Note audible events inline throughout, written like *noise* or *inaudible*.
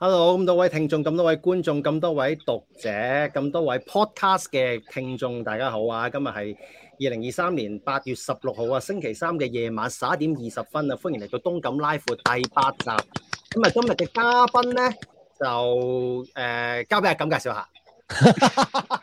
Hello，咁多位聽眾，咁多位觀眾，咁多位讀者，咁多位 podcast 嘅聽眾，大家好啊！今日係二零二三年八月十六號啊，星期三嘅夜晚十一點二十分啊，歡迎嚟到東感拉闊第八集。咁啊，今日嘅嘉賓咧就誒、呃、交俾阿錦介紹下。 *laughs*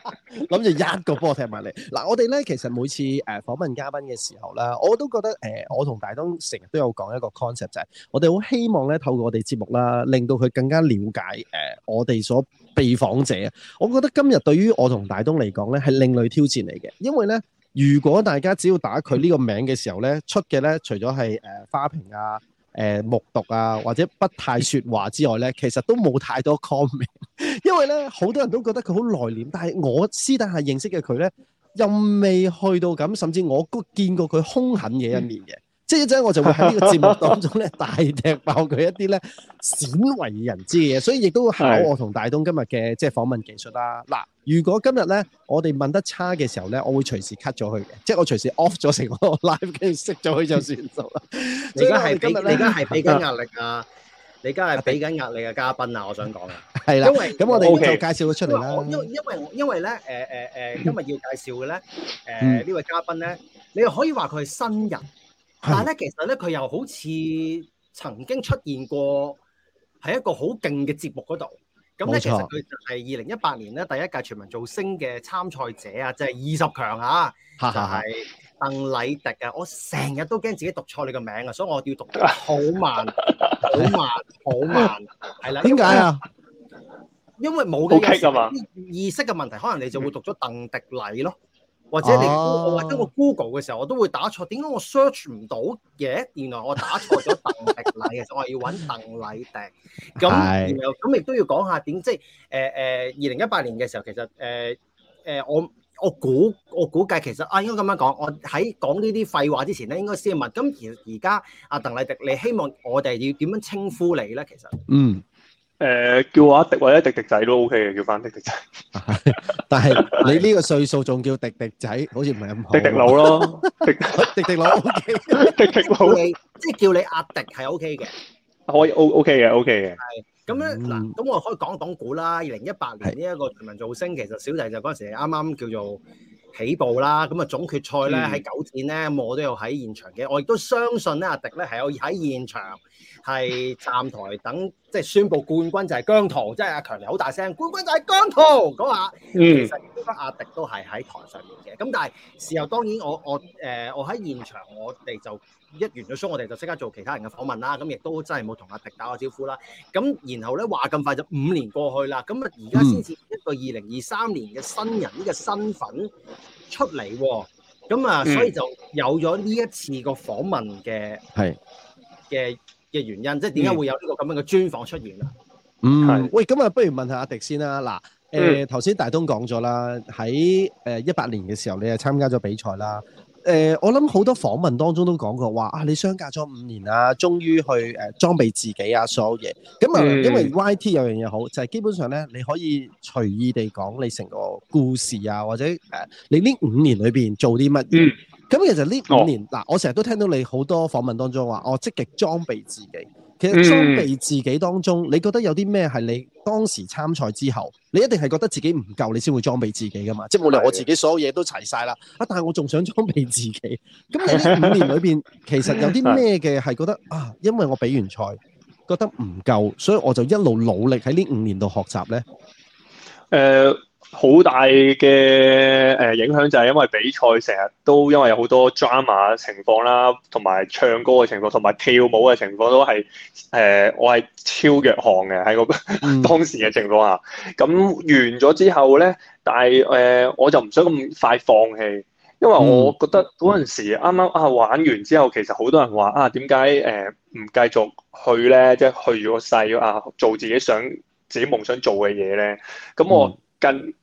諗住一個波踢埋嚟嗱，我哋咧其實每次誒、呃、訪問嘉賓嘅時候咧，我都覺得誒、呃、我同大東成日都有講一個 concept 就係、是，我哋好希望咧透過我哋節目啦，令到佢更加了解誒、呃、我哋所被訪者。我覺得今日對於我同大東嚟講咧，係另類挑戰嚟嘅，因為咧如果大家只要打佢呢個名嘅時候咧，出嘅咧除咗係誒花瓶啊，誒、呃、木獨啊，或者不太説話之外咧，其實都冇太多 comment，因為咧好多人都覺得佢好內斂，但係我私底下認識嘅佢咧，又未去到噉，甚至我都見過佢兇狠嘅一面嘅。嗯即係一陣，我就會喺呢個節目當中咧大踢爆佢一啲咧鮮為人知嘅嘢，所以亦都考我同大東今日嘅即係訪問技術啦。嗱，如果今日咧我哋問得差嘅時候咧，我會隨時 cut 咗佢嘅，即係我隨時 off 咗成個 live 跟住熄咗佢就算數啦。你而家係今日咧，你而家係俾緊壓力啊！你而家係俾緊壓力嘅嘉賓啊！我想講嘅係啦，因為咁我哋要介紹佢出嚟啦。因因為因為咧誒誒誒，今日要介紹嘅咧誒呢位嘉賓咧，你又可以話佢係新人。但係咧，其實咧，佢又好似曾經出現過，喺一個好勁嘅節目嗰度。咁咧，錯其實佢就係二零一八年咧第一屆全民造星嘅參賽者啊，就係二十強啊， *laughs* 就係鄧禮迪啊！我成日都驚自己讀錯你個名啊，所以我要讀好慢，好 *laughs* 慢，好慢，係啦。點解啊？因為冇意識嘛，意識嘅問題，可能你就會讀咗鄧迪禮咯。或者你我或者我 Google 嘅時候，我都會打錯。點解我 search 唔到嘅？原來我打錯咗鄧迪禮嘅， *laughs* 我係要揾鄧禮迪。咁咁亦都要講下點即係誒誒二零一八年嘅時候，其實誒誒、呃呃、我我估我估計其實啊應該咁樣講。我喺講呢啲廢話之前咧，應該先問。咁而而家阿鄧禮迪，你希望我哋要點樣稱呼你咧？其實嗯。誒，叫阿迪或者迪迪仔都 OK 嘅，叫翻迪迪仔。但係你呢個歲數仲叫迪迪仔，好似唔係咁好。迪迪佬咯，迪迪佬 OK，迪迪佬。即係叫你阿迪係 OK 嘅，可以 O OK 嘅 OK 嘅。係咁咧，嗱，咁我可以講講古啦。二零一八年呢一個全民造星，其實小弟就嗰陣時啱啱叫做起步啦。咁啊，總決賽咧喺九展咧，我都有喺現場嘅。我亦都相信咧，阿迪咧係有喺現場。係站台等，即、就、係、是、宣布冠軍就係姜濤，即係阿強你好大聲，冠軍就係姜濤講下。其實阿迪都係喺台上面嘅，咁但係事後當然我我誒、呃、我喺現場我，我哋就一完咗 show，我哋就即刻做其他人嘅訪問啦。咁亦都真係冇同阿迪打個招呼啦。咁然後咧話咁快就五年過去啦，咁啊而家先至一個二零二三年嘅新人呢個身份出嚟、哦，咁啊所以就有咗呢一次個訪問嘅係嘅嘅原因，即係點解會有呢個咁樣嘅專訪出現啦。嗯，喂，咁啊，不如問下阿迪先啦。嗱，誒頭先大東講咗啦，喺誒一八年嘅時候，你係參加咗比賽啦。誒、呃，我諗好多訪問當中都講過話啊，你相隔咗五年啦、啊，終於去誒、呃、裝備自己啊，所有嘢。咁啊，因為，、嗯、因為 YT 有樣嘢好，就係、是、基本上咧，你可以隨意地講你成個故事啊，或者誒、呃，你呢五年裏邊做啲乜嘢？嗯咁其實呢五年，嗱、哦，我成日都聽到你好多訪問當中話，我積極裝備自己。其實裝備自己當中，嗯、你覺得有啲咩係你當時參賽之後，你一定係覺得自己唔夠，你先會裝備自己噶嘛？的即係無論我自己所有嘢都齊晒啦，啊，但係我仲想裝備自己。咁你喺呢五年裏邊， *laughs* 其實有啲咩嘅係覺得啊，因為我比完賽覺得唔夠，所以我就一路努力喺呢五年度學習呢。誒、呃。好大嘅誒、呃、影響就係因為比賽成日都因為有好多 drama 情況啦，同埋唱歌嘅情況，同埋跳舞嘅情況都係誒、呃、我係超弱項嘅喺個當時嘅情況下，咁完咗之後咧，但係誒、呃、我就唔想咁快放棄，因為我覺得嗰陣時啱啱啊玩完之後，其實好多人話啊點解誒唔繼續去咧，即係去咗細啊做自己想自己夢想做嘅嘢咧，咁我。嗯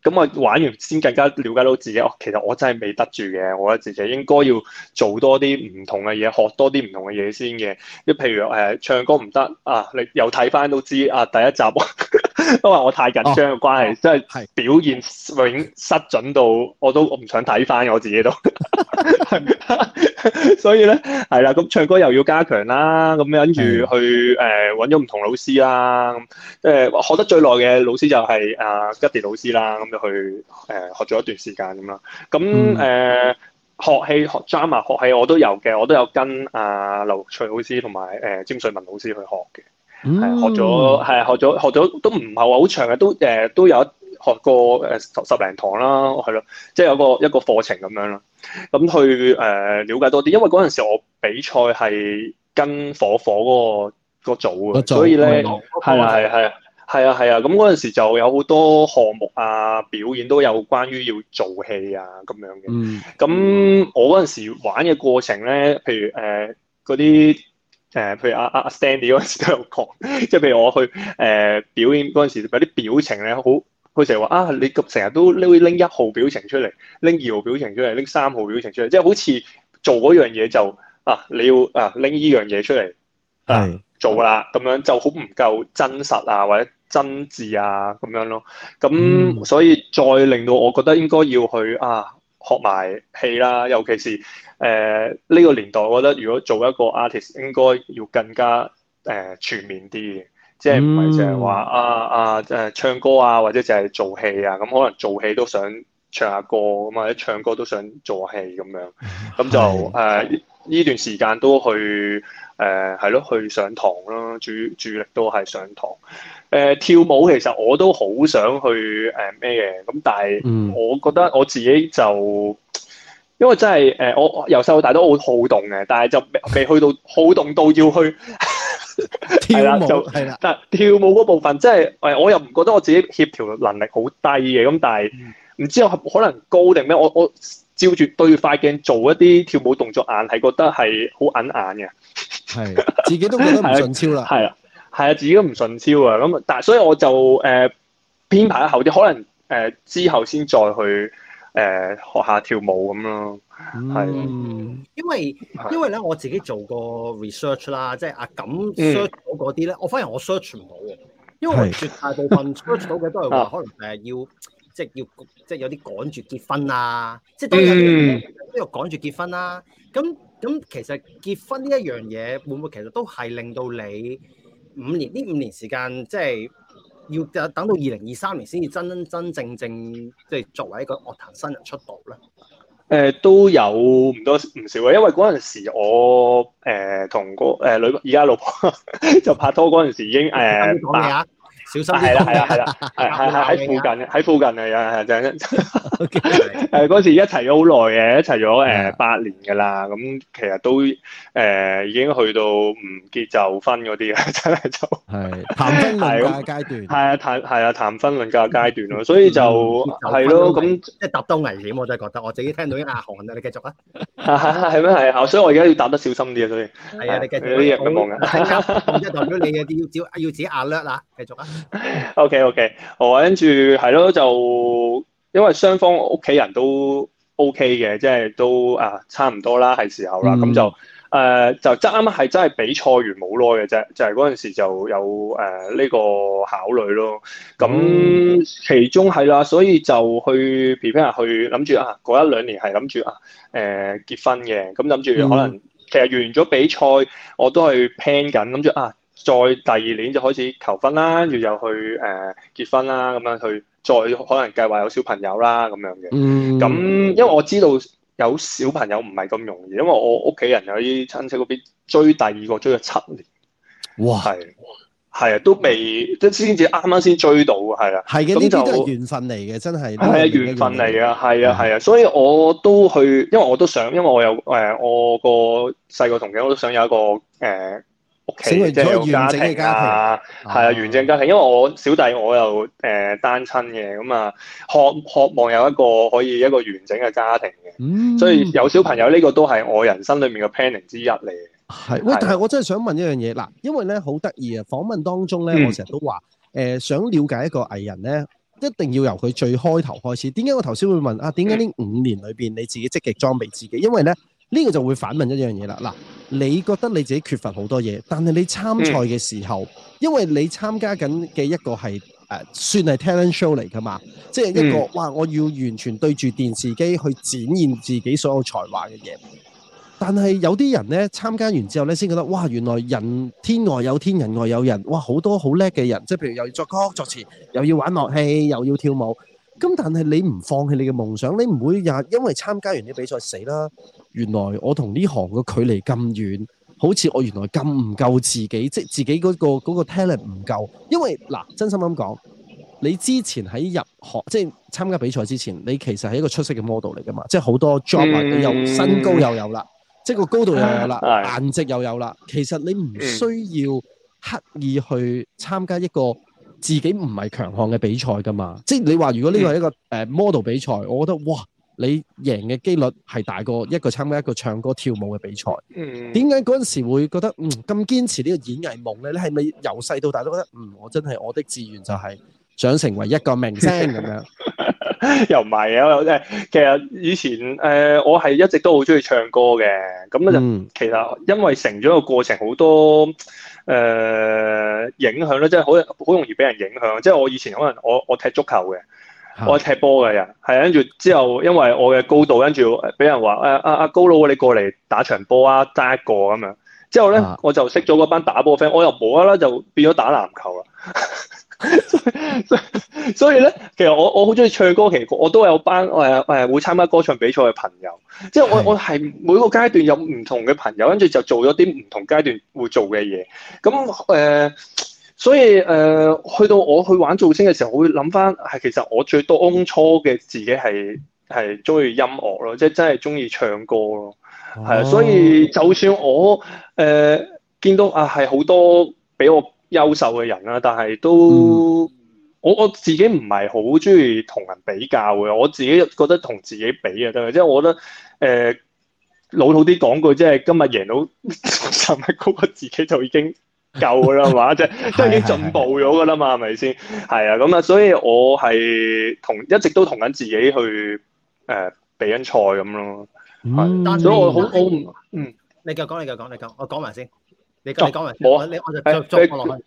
咁啊、嗯、玩完先更加了解到自己，哦，其實我真係未得住嘅，我覺得自己應該要做多啲唔同嘅嘢，學多啲唔同嘅嘢先嘅。即譬如誒、呃、唱歌唔得啊，你又睇返都知啊第一集。 *laughs* 都係我太緊張嘅關係，即係、oh, oh, 表現已失準到我都，我唔想睇翻我自己都， *laughs* *laughs* 所以咧係啦，咁唱歌又要加強啦，咁跟住去誒揾咗唔同老師啦，即、呃、係學得最耐嘅老師就係、是、阿、呃、吉田老師啦，咁就去誒、呃、學咗一段時間咁啦，咁誒學戲學 drama 嘛，學戲我都有嘅，我都有跟阿、呃、劉翠老師同埋誒詹瑞文老師去學嘅。係、嗯、學咗，係、啊、學咗學咗，都唔係話好長嘅，都、呃、誒都有學過誒十十零堂啦，係咯、啊，即、就、係、是、有一個一個課程咁樣啦，咁、嗯、去誒瞭解多啲。因為嗰陣時我比賽係跟火火嗰、那個、那個組嘅，嗯、所以咧係啊係啊係啊係啊，咁嗰陣時就有好多項目啊，表演都有關於要做戲啊咁樣嘅。咁、嗯、我嗰陣時玩嘅過程咧，譬如誒嗰啲。呃誒、呃，譬如阿、啊、阿阿、啊、Stanley 嗰陣時都有講，即係譬如我去誒、呃、表演嗰陣時，有啲表情咧，好佢成日話啊，你成日都拎一號表情出嚟，拎二號表情出嚟，拎三號表情出嚟，即係好似做嗰樣嘢就啊，你要啊拎呢樣嘢出嚟係是做啦，咁樣就好唔夠真實啊，或者真摯啊咁樣咯，咁、嗯、所以再令到我覺得應該要去啊。學埋戲啦，尤其是誒呢、呃這個年代，我覺得如果做一個 artist 應該要更加誒、呃、全面啲嘅，即係唔係淨係話啊啊誒、啊、唱歌啊，或者淨係做戲啊，咁、嗯、可能做戲都想唱下歌咁啊，或者唱歌都想做戲咁樣，咁、嗯、 *laughs* 就誒呢、呃、 *laughs* 段時間都去誒係咯，去上堂咯，主主力都係上堂。誒、呃，跳舞其實我都好想去誒咩嘅，咁、嗯嗯、但係我覺得我自己就，因為真係誒、呃，我由細到大都好好動嘅，但係就未去到好動到要去 *laughs* 跳舞，係啦， *laughs* 的但係跳舞嗰部分真係誒，我又唔覺得我自己協調能力好低嘅，咁但係唔知可能高定咩，我我照住對塊鏡做一啲跳舞動作，硬係覺得係好揞眼嘅，係自己都覺得唔超啦， *laughs* 係啊。係啊，自己都唔順超啊，咁但係所以我就誒、呃、編排得後啲，可能誒、呃、之後先再去誒、呃、學下跳舞咁咯。係、啊，因為因為咧我自己做過 research 啦，即係啊咁 search 嗰啲咧，嗯、我發現我 search 唔到，因為絕大部分 search 到嘅都係話可能誒要即係要即係有啲趕住結婚啊，即係都有啲有、嗯、趕住結婚啦、啊。咁咁其實結婚呢一樣嘢會唔會其實都係令到你？五年呢五年時間，即係要等等到二零二三年先至真真正正，即係作為一個樂壇新人出道咧。誒、呃、都有唔多唔少啊，因為嗰陣時我誒、呃、同個誒、呃、女而家老婆 *laughs* 就拍拖嗰陣時已經誒拍。呃你小心！係啦，係啦，係啦，係係喺附近，喺附近啊，有啊，就，誒，嗰時一齊咗好耐嘅，一齊咗誒八年噶啦，咁其實都誒已經去到唔結就婚嗰啲啊，真係就係談婚論嫁階段，係啊談係啊談婚論嫁階段咯，所以就係咯，咁一係答到危險，我真係覺得我自己聽到啲亞航啊，你繼續啊，係咩係啊？所以我而家要答得小心啲啊，所以係啊，你繼續，我呢日咁忙啊，一代表咗你嘅啲要要自己亞略啦，繼續啊！O K O K，我跟住係咯，就因為雙方屋企人都 O K 嘅，即係都啊差唔多啦，係時候啦，咁、嗯、就誒、呃、就啱啱係真係比賽完冇耐嘅啫，就係嗰陣時就有誒呢、呃這個考慮咯。咁、嗯、其中係啦，所以就去 p r e 去諗住啊，過一兩年係諗住啊誒、呃、結婚嘅，咁諗住可能、嗯、其實完咗比賽我都係 plan 緊，諗住啊。再第二年就開始求婚啦，跟住又去誒結婚啦，咁樣去再可能計劃有小朋友啦，咁樣嘅。咁因為我知道有小朋友唔係咁容易，因為我屋企人有啲親戚嗰邊追第二個追咗七年。哇，係，係啊，都未即先至啱啱先追到，係啊。係嘅，呢啲都係緣分嚟嘅，真係。係啊，緣分嚟嘅，係啊，係啊，所以我都去，因為我都想，因為我有誒，我個細個同樣我都想有一個誒。屋企即係完整嘅家庭，係啊，啊啊完整家庭。因為我小弟我又誒、呃、單親嘅，咁啊，渴渴望有一個可以一個完整嘅家庭嘅，嗯、所以有小朋友呢、這個都係我人生裏面嘅 planning 之一嚟。係、啊、喂，但係我真係想問一樣嘢，嗱，因為咧好得意啊！訪問當中咧，嗯、我成日都話，誒、呃，想了解一個藝人咧，一定要由佢最開頭開始。點解我頭先會問啊？點解呢五年裏邊你自己積極裝備自己？嗯、因為咧。呢個就會反問一樣嘢啦。嗱，你覺得你自己缺乏好多嘢，但係你參賽嘅時候，嗯、因為你參加緊嘅一個係誒、呃，算係 talent show 嚟㗎嘛，即係一個、嗯、哇，我要完全對住電視機去展現自己所有才華嘅嘢。但係有啲人呢，參加完之後呢，先覺得哇，原來人天外有天，人外有人。哇，好多好叻嘅人，即係譬如又要作曲作詞，又要玩樂器，又要跳舞。咁但係你唔放棄你嘅夢想，你唔會又因為參加完啲比賽死啦。原來我同呢行嘅距離咁遠，好似我原來咁唔夠自己，即係自己嗰、嗰個嗰、嗰個 talent 唔夠。因為嗱，真心咁講，你之前喺入行，即係參加比賽之前，你其實係一個出色嘅 model 嚟噶嘛，即係好多 job 又、嗯、身高又有啦，即係個高度又有啦，顏值、嗯、又有啦。其實你唔需要刻意去參加一個。自己唔係強項嘅比賽㗎嘛，即係你話如果呢個係一個誒 model、呃、比賽，我覺得哇，你贏嘅機率係大過一個參加一個唱歌跳舞嘅比賽。點解嗰陣時會覺得嗯咁堅持呢個演藝夢咧？你係咪由細到大都覺得嗯我真係我的志願就係、是？想成為一個明星咁樣， *laughs* 又唔係啊？誒，其實以前誒、呃，我係一直都好中意唱歌嘅。咁就其實因為成長嘅過程，好多誒影響咧，即係好好容易俾人影響。即係我以前可能我我踢足球嘅，我踢波嘅人，係跟住之後，因為我嘅高度，跟住俾人話誒阿阿高佬，你過嚟打場波啊，爭一個咁樣。之後咧、啊、我就識咗嗰班打波嘅 friend，我又冇啦啦就變咗打籃球啦。 *laughs* *laughs* 所以所以咧，其實我我好中意唱歌。其實我都有班誒誒會參加歌唱比賽嘅朋友。即係我我係每個階段有唔同嘅朋友，跟住就做咗啲唔同階段會做嘅嘢。咁誒、呃，所以誒、呃，去到我去玩造星嘅時候，我會諗翻係其實我最多初嘅自己係係中意音樂咯，即係真係中意唱歌咯。係啊、哦呃，所以就算我誒、呃、見到啊係好多俾我。優秀嘅人啦、啊，但係都、嗯、我我自己唔係好中意同人比較嘅，我自己覺得同自己比啊得嘅，即、就、係、是、我覺得誒、呃、老土啲講句，即係今日贏到十萬高過自己就已經夠嘅啦嘛，即係都已經進步咗㗎啦嘛，係咪先？係啊，咁啊，所以我係同一直都同緊自己去誒、呃、比緊賽咁咯。嗯，所以我好我唔嗯，你繼續講，你繼續講，你講我講埋先。你教教人，我你我就捉、欸、我落去。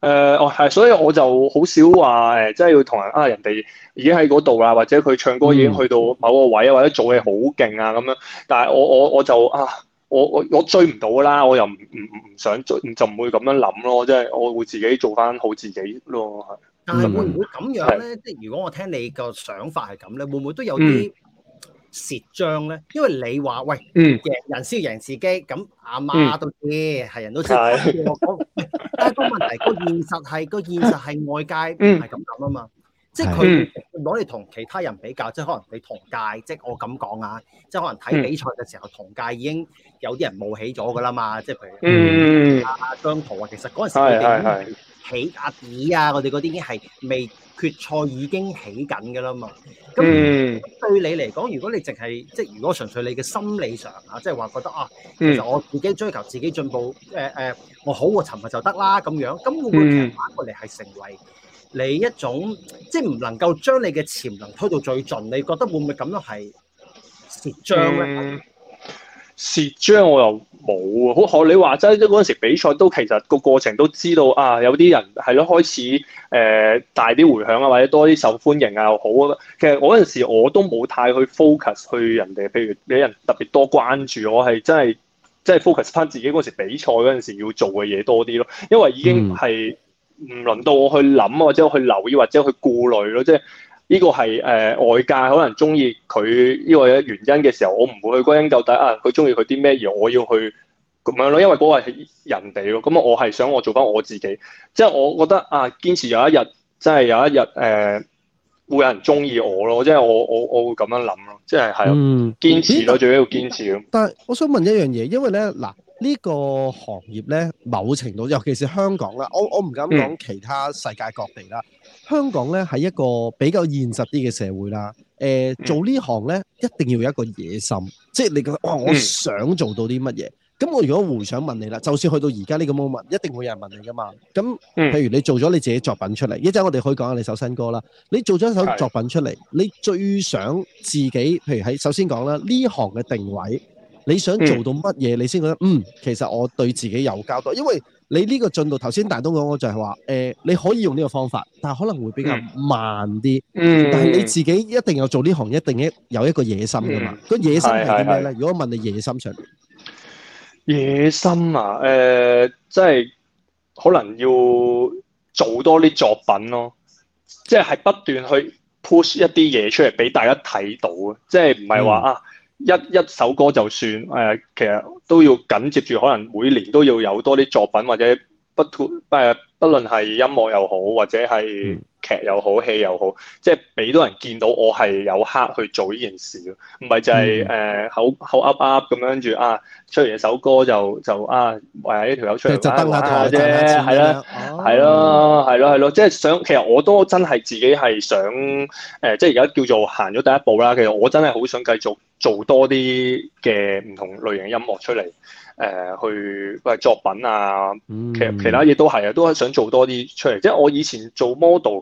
誒、呃，哦係，所以我就好少話誒，即係要同人啊，人哋已經喺嗰度啦，或者佢唱歌已經去到某個位啊，嗯、或者做嘢好勁啊咁樣。但係我我我就啊，我我我追唔到啦，我又唔唔唔想追，就唔會咁樣諗咯。即係我會自己做翻好自己咯。但係會唔會咁樣咧？即係如果我聽你個想法係咁咧，會唔會都有啲、嗯？蝕仗咧，因為你話喂贏、嗯、人先要贏自己，咁阿媽都知係人都知，嗯我。但係個問題，個現實係個現實係外界唔係咁諗啊嘛。嗯、即係佢攞嚟同其他人比較，即係可能你同屆，即係我咁講啊，即係可能睇比賽嘅時候，嗯、同屆已經有啲人冒起咗噶啦嘛。即係譬如阿姜濤啊，其實嗰陣時我哋起阿爾啊，我哋嗰啲已經係未。決賽已經起緊㗎喇嘛，咁對你嚟講，如果你淨係即係如果純粹你嘅心理上啊，即係話覺得啊，其實我自己追求自己進步，誒、呃、誒、呃，我好過尋日就得啦咁樣，咁會唔會反過嚟係成為你一種、嗯、即係唔能夠將你嘅潛能推到最盡？你覺得會唔會咁樣係蝕章咧？蝕章、嗯、我又～冇啊，好學你話齋，即係嗰陣時比賽都其實個過程都知道啊，有啲人係咯開始誒、呃、大啲回響啊，或者多啲受歡迎啊又好啊。其實嗰陣時我都冇太去 focus 去人哋，譬如俾人特別多關注，我係真係真係 focus 翻自己嗰陣時比賽嗰陣時要做嘅嘢多啲咯，因為已經係唔輪到我去諗啊或者我去留意或者去顧慮咯，即係。呢個係誒外界可能中意佢呢個原因嘅時候，我唔會去歸因究底啊佢中意佢啲咩嘢，而我要去咁樣咯，因為嗰個係人哋咯。咁啊，我係想我做翻我自己，即係我覺得啊，堅持有一日真係有一日誒，會有人中意我咯，即係我我我會咁樣諗咯，即係係咯，嗯。堅持咯，最緊要堅持咯。嗯，但係我想問一樣嘢，因為咧嗱。呢個行業呢，某程度尤其是香港啦，我我唔敢講其他世界各地啦。嗯、香港呢，係一個比較現實啲嘅社會啦。誒、呃，做呢行呢，一定要有一個野心，即係你覺得、哦、我想做到啲乜嘢。咁、嗯、我如果回想問你啦，就算去到而家呢個 moment，一定會有人問你噶嘛。咁譬如你做咗你自己作品出嚟，一陣我哋可以講下你首新歌啦。你做咗一首作品出嚟，的你最想自己？譬如喺首先講啦，呢行嘅定位。你想做到乜嘢，你先覺得嗯，嗯，其實我對自己有交代，因為你呢個進度頭先大東講我就係話，誒、呃、你可以用呢個方法，但係可能會比較慢啲。嗯，但係你自己一定有做呢行，一定一有一個野心㗎嘛。個、嗯、野心係點咩咧？嗯嗯嗯、如果問你野心上邊？野心啊，誒、呃，即係可能要做多啲作品咯，即係不斷去 push 一啲嘢出嚟俾大家睇到啊，即係唔係話啊？嗯一一首歌就算誒，其實都要緊接住，可能每年都要有多啲作品，或者不不不論係音樂又好，或者係劇又好，戲又好，即係俾多人見到我係有 heart 去做呢件事，唔係就係誒口口噏噏咁樣住啊，出嚟一首歌就就啊，喂呢條友出嚟得啊啫，係啦，係咯，係咯，係咯，即係想其實我都真係自己係想誒，即係而家叫做行咗第一步啦。其實我真係好想繼續。做多啲嘅唔同類型嘅音樂出嚟，誒、呃、去唔作品啊，其其他嘢都係啊，都係想做多啲出嚟。即係我以前做 model，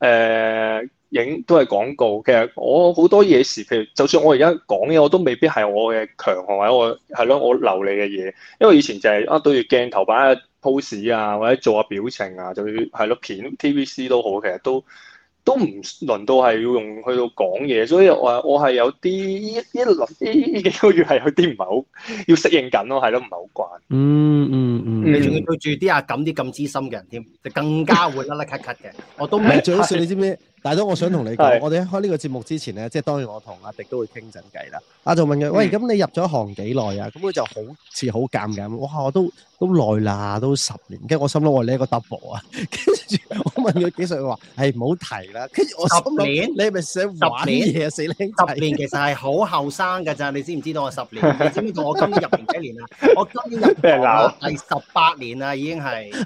誒影都係廣告。其實我好多嘢時，譬如就算我而家講嘢，我都未必係我嘅強項或者我係咯、啊，我流利嘅嘢。因為以前就係、是、啊，對住鏡頭擺下 pose 啊，或者做下表情啊，就要係咯、啊、片 TVC 都好，其實都。都唔輪到係要用去到講嘢，所以我我係有啲一一輪呢呢幾個月係有啲唔係好要適應緊咯，係咯，唔係好慣。嗯嗯嗯，嗯 *laughs* 你仲要對住啲阿錦啲咁知心嘅人添，就更加會甩甩咳咳嘅。我都未做到算， *laughs* 你知唔知？大哥，但我想同你講，的我哋一開呢個節目之前咧，即係當然我同阿迪都會傾陣偈啦。阿仲問佢：「喂，咁你入咗行幾耐啊？咁佢就好似好尷尬咁。哇，我都都耐啦，都十年。跟住我心諗，我你一個 double 啊。跟住我問佢幾歲，佢話：係唔好提啦。跟住我心諗，你咪想玩嘢死你是是十年！年十年其實係好後生㗎咋，你知唔知道我十年， *laughs* 你知唔知我今年入行幾年啊？ *laughs* 我今年入行我係十八年啦，已經係。 *laughs*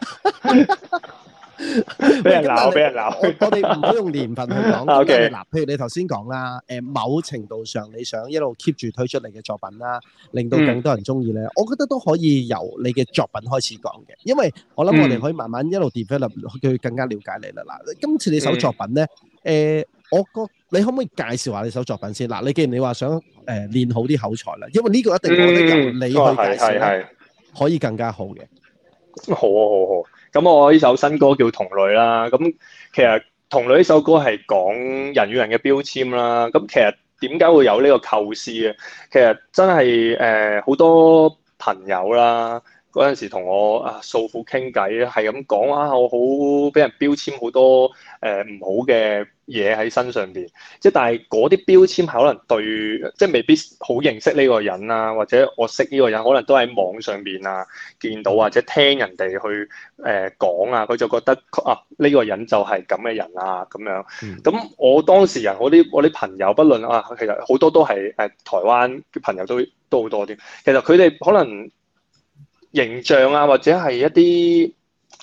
*laughs* 俾 *laughs* 人鬧罵，俾 *laughs* 人鬧罵。我哋唔好用年份去講。OK，嗱，譬如你頭先講啦，誒，某程度上你想一路 keep 住推出嚟嘅作品啦，令到更多人中意咧，嗯、我覺得都可以由你嘅作品開始講嘅，因為我諗我哋可以慢慢一路 develop，佢更加了解你啦。嗱，今次你首作品咧，誒、嗯呃，我個，你可唔可以介紹下你首作品先？嗱，你既然你話想誒、呃、練好啲口才啦，因為呢個一定我哋由你去介紹，係係、嗯、哦、可以更加好嘅。好啊，好好。好好咁我呢首新歌叫《同類》啦，咁其實《同類》呢首歌係講人與人嘅標籤啦。咁其實點解會有呢個構思啊？其實真係誒好多朋友啦，嗰陣時同我啊訴苦傾偈咧，係咁講啊，我好俾人標籤多、呃、好多誒唔好嘅嘢喺身上邊，即係但係嗰啲標籤可能對，即係未必好認識呢個人啊，或者我識呢個人，可能都喺網上邊啊見到，或者聽人哋去誒、呃、講啊，佢就覺得啊呢、呢個人就係咁嘅人啊咁樣。咁、嗯、我當時人，我啲我啲朋友，不論啊，其實好多都係誒、呃、台灣嘅朋友都都好多啲。其實佢哋可能形象啊，或者係一啲誒。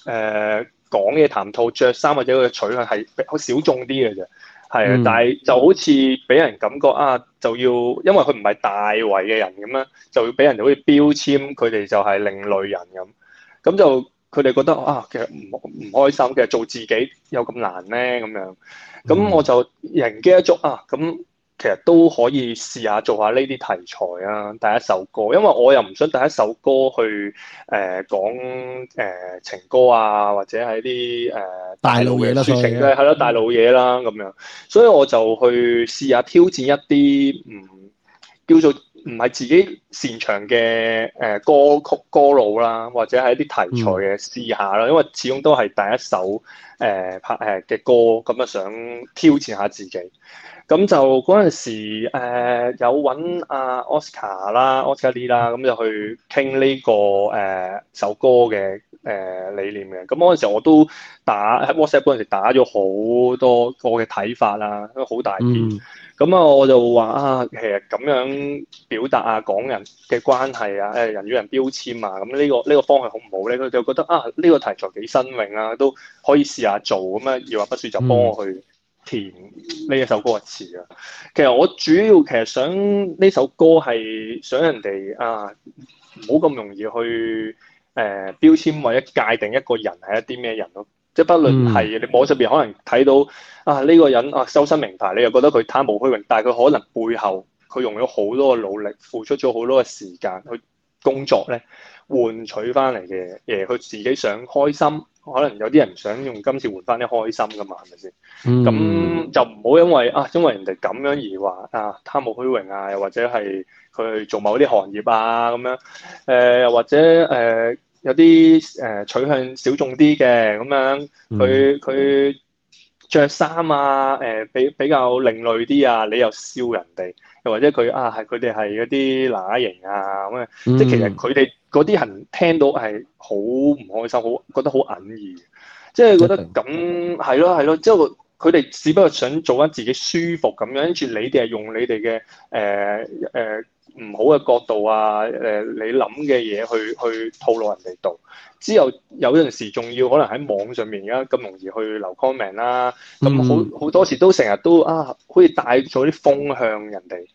呃講嘢談吐、着衫或者佢嘅取向係好小眾啲嘅啫，係啊，嗯、但係就好似俾人感覺啊，就要因為佢唔係大圍嘅人咁樣，就要俾人哋好似標籤佢哋就係另類人咁，咁就佢哋覺得啊，其實唔唔開心，其實做自己有咁難咧咁樣，咁我就人機一族啊咁。其實都可以試下做下呢啲題材啊，第一首歌，因為我又唔想第一首歌去誒、呃、講誒、呃、情歌啊，或者係啲誒大路嘅抒情咧，係、呃、咯，大路嘢啦咁樣，所以我就去試下挑戰一啲唔、嗯、叫做唔係自己擅長嘅誒、呃、歌曲歌路啦，或者係一啲題材嘅、啊嗯、試下啦，因為始終都係第一首。誒、呃、拍誒嘅、呃、歌咁啊，想挑戰下自己，咁就嗰陣時、呃、有揾阿、啊、Oscar 啦，Oscar Lee 啦、啊，咁就去傾呢、這個誒、呃、首歌嘅誒、呃、理念嘅。咁嗰陣時我都打喺 WhatsApp 嗰陣時打咗好多個嘅睇法啦，都好大篇。嗯咁啊，我就話啊，其實咁樣表達啊，港人嘅關係啊，誒人與人標籤啊，咁、呢、呢個呢、呢個方向好唔好咧？佢就覺得啊，呢、呢個題材幾新穎啊，都可以試下做咁樣。二、啊、話不說就幫我去填呢一首歌嘅詞啊。其實我主要其實想呢首歌係想人哋啊，唔好咁容易去誒、呃、標籤或者界定一個人係一啲咩人咯、啊。即係不論係你網上邊可能睇到啊呢、這個人啊修身名牌，你又覺得佢貪慕虛榮，但係佢可能背後佢用咗好多嘅努力，付出咗好多嘅時間去工作咧，換取翻嚟嘅嘢，佢自己想開心。可能有啲人想用金錢換翻啲開心㗎嘛，係咪先？咁、嗯、就唔好因為啊，因為人哋咁樣而話啊貪慕虛榮啊，又或者係佢做某啲行業啊咁樣，誒、呃、或者誒。呃有啲誒、呃、取向小眾啲嘅咁樣，佢佢著衫啊誒、呃、比比較另類啲啊，你又笑人哋，又或者佢啊係佢哋係嗰啲乸型啊咁樣，即係其實佢哋嗰啲人聽到係好唔開心，好覺得好哽耳，即係覺得咁係咯係咯，即係佢哋只不過想做翻自己舒服咁樣，跟住你哋係用你哋嘅誒誒。呃呃唔好嘅角度啊，誒、呃、你諗嘅嘢去去套落人哋度，之後有陣時仲要可能喺網上面而家咁容易去留 comment 啦、啊，咁好好、嗯、多時都成日都啊，好似帶咗啲風向人哋，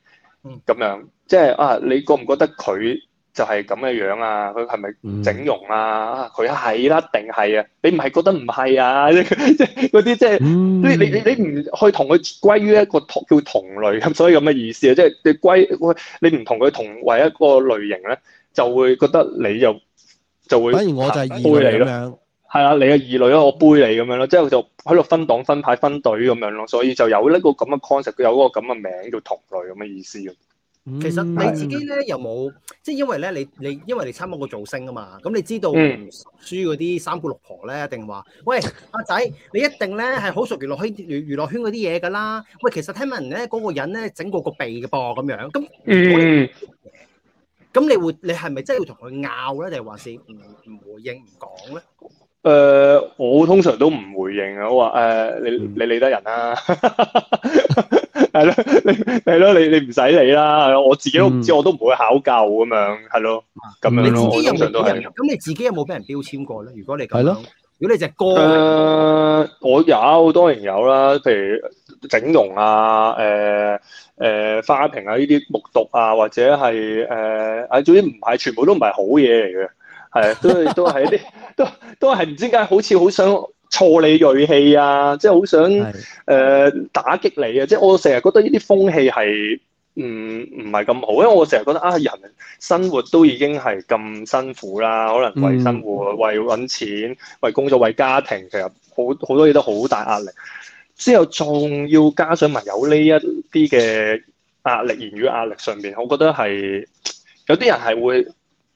咁樣即係、就是、啊，你覺唔覺得佢？就係咁嘅樣啊！佢係咪整容啊？佢係啦，啊、定係啊？你唔係覺得唔係啊？即係嗰啲即係你你你唔去同佢歸於一個叫同類咁，所以咁嘅意思啊！即係你歸你唔同佢同為一個類型咧，就會覺得你就就會。反而我就異類咁樣，係啊，你嘅異類咯，我背你咁樣咯，即係就喺度分黨、分派、分隊咁樣咯，所以就有呢個咁嘅 concept，有嗰個咁嘅名叫同類咁嘅意思。.嗯、其實你自己咧、嗯、又冇，即係因為咧你你因為你參加過造星啊嘛，咁你知道輸嗰啲三姑六婆咧，一定話喂阿、啊、仔你一定咧係好熟娛樂圈娛娛樂圈嗰啲嘢噶啦？喂，其實聽聞咧嗰個人咧整過個鼻嘅噃，咁樣咁，咁你會你係咪真係要同佢拗咧，定係話是唔唔回應唔講咧？誒、呃，我通常都唔回應啊，我話誒、呃、你你，你理得人啦、啊。 *laughs* 係咯，係咯， *laughs* 你你唔使理啦。我自己都唔知，嗯、我都唔會考究咁樣，係咯，咁樣你自己咁，你自己有冇俾人標籤過咧？如果你咁樣，的如果你只歌、呃，我有，當然有啦。譬如整容啊，誒、呃、誒、呃，花瓶啊呢啲，木毒啊，或者係誒啊，總之唔係全部都唔係好嘢嚟嘅，係都都係一啲，都 *laughs* 都係唔知點解，好似好想。挫你銳氣啊！即係好想誒的、呃、打擊你啊！即係我成日覺得呢啲風氣係唔唔係咁好，因為我成日覺得啊，人生活都已經係咁辛苦啦，可能為生活、嗯、為揾錢、為工作、為家庭，其實好好，好多嘢都好大壓力。之後仲要加上埋有呢一啲嘅壓力、言語壓力上面，我覺得係有啲人係會。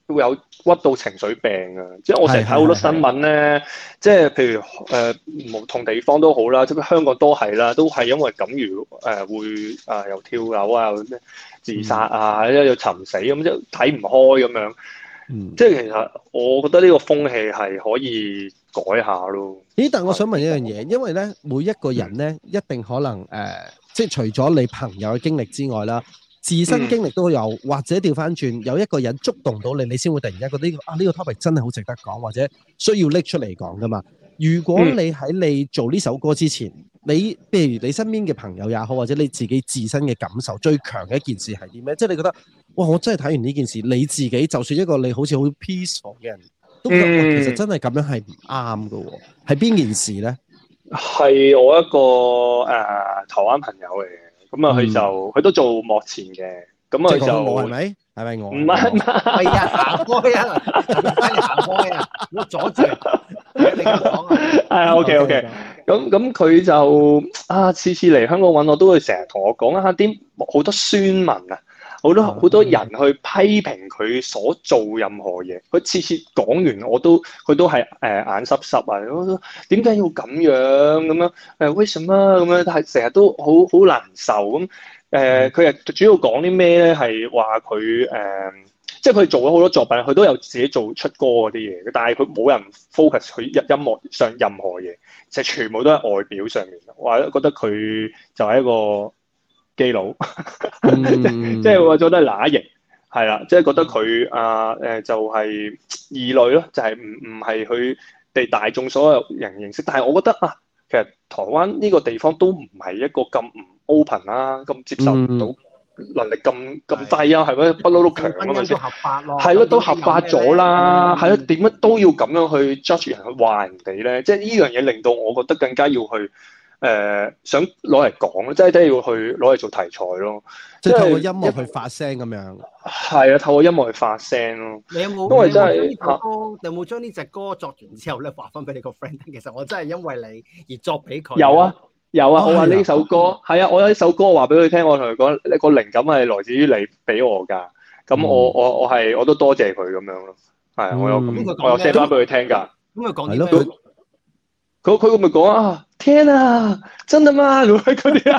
都會有屈到情緒病啊！即係我成日睇好多新聞咧，即係譬如唔同地方都好啦，即係香港都係啦，都係因為咁如誒會啊又跳樓啊，自殺啊，又尋死咁即睇唔開咁樣。即係其實我覺得呢個風氣係可以改下咯。咦？但係我想問一樣嘢，因為咧每一個人咧一定可能誒，即係除咗你朋友嘅經歷之外啦。自身經歷都有，或者調翻轉有一個人觸動到你，你先會突然間覺得啊呢個 topic 真係好值得講，或者需要拎出嚟講噶嘛。如果你喺你做呢首歌之前，你譬如你身邊嘅朋友也好，或者你自己自身嘅感受最強嘅一件事係啲咩？即係你覺得哇，我真係睇完呢件事，你自己就算一個你好似好 peaceful 嘅人，都覺得、嗯、其實真係咁樣係唔啱嘅。係邊件事呢？係我一個誒、啊、台灣朋友嚟。咁啊，佢就佢都做幕前嘅，咁佢就係咪？係咪我？唔係，係啊，行開啊，翻嚟行開啊，唔阻住，你講啊。係啊，OK OK，咁咁佢就啊，次次嚟香港揾我，都會成日同我講下啲好多宣文啊。好多好多人去批評佢所做任何嘢，佢次次講完我都佢都係誒、呃、眼濕濕啊，點解要咁樣咁樣誒？為什麼咁樣、咁樣、、呃啊、咁樣？但係成日都好好難受咁誒。佢係、呃、主要講啲咩咧？係話佢誒，即係佢做咗好多作品，佢都有自己做出歌嗰啲嘢，但係佢冇人 focus 佢音樂上任何嘢，就全部都喺外表上面。我覺得覺得佢就係一個。基佬，即係 *noise* *laughs* 我嘗嘗、就係、覺得乸型係啦，即係覺得佢啊誒就係異類咯，就係唔唔係佢哋大眾所有人認識。但係我覺得啊，其實台灣呢個地方都唔係一個咁唔 open 啦，咁接受唔到能力咁咁低啊，係咪不嬲都強啊，問係咯，都合法咯。係咯，都合法咗啦。係咯，點解都要咁樣去 judge 人去話人哋咧？即係呢樣嘢令到我覺得更加要去。誒想攞嚟講即係都要去攞嚟做題材咯，即係透過音樂去發聲咁樣。係啊，透過音樂去發聲咯。你有冇？因為真係歌，有冇將呢隻歌作完之後咧，發翻俾你個 friend。其實我真係因為你而作俾佢。有啊，有啊，好啊。呢首歌，係啊，我有呢首歌話俾佢聽，我同佢講，個靈感係來自於你俾我㗎。咁我我我係我都多謝佢咁樣咯。係啊，我有，我有 send 翻俾佢聽㗎。咁佢講啲佢佢佢咪講啊！天啊！真的嘛？老威啊！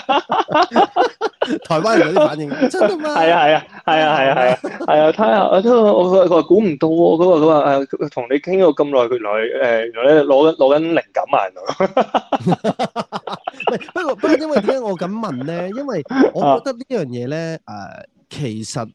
台灣有啲反應真的嗎？係啊係啊係啊係啊係啊係啊！睇下！我佢佢話估唔到喎！佢話佢同你傾咗咁耐，佢來誒攞攞緊靈感啊 *laughs* *laughs* *laughs* 不過不過因為點解我咁問咧？因為我覺得呢樣嘢咧誒，其實。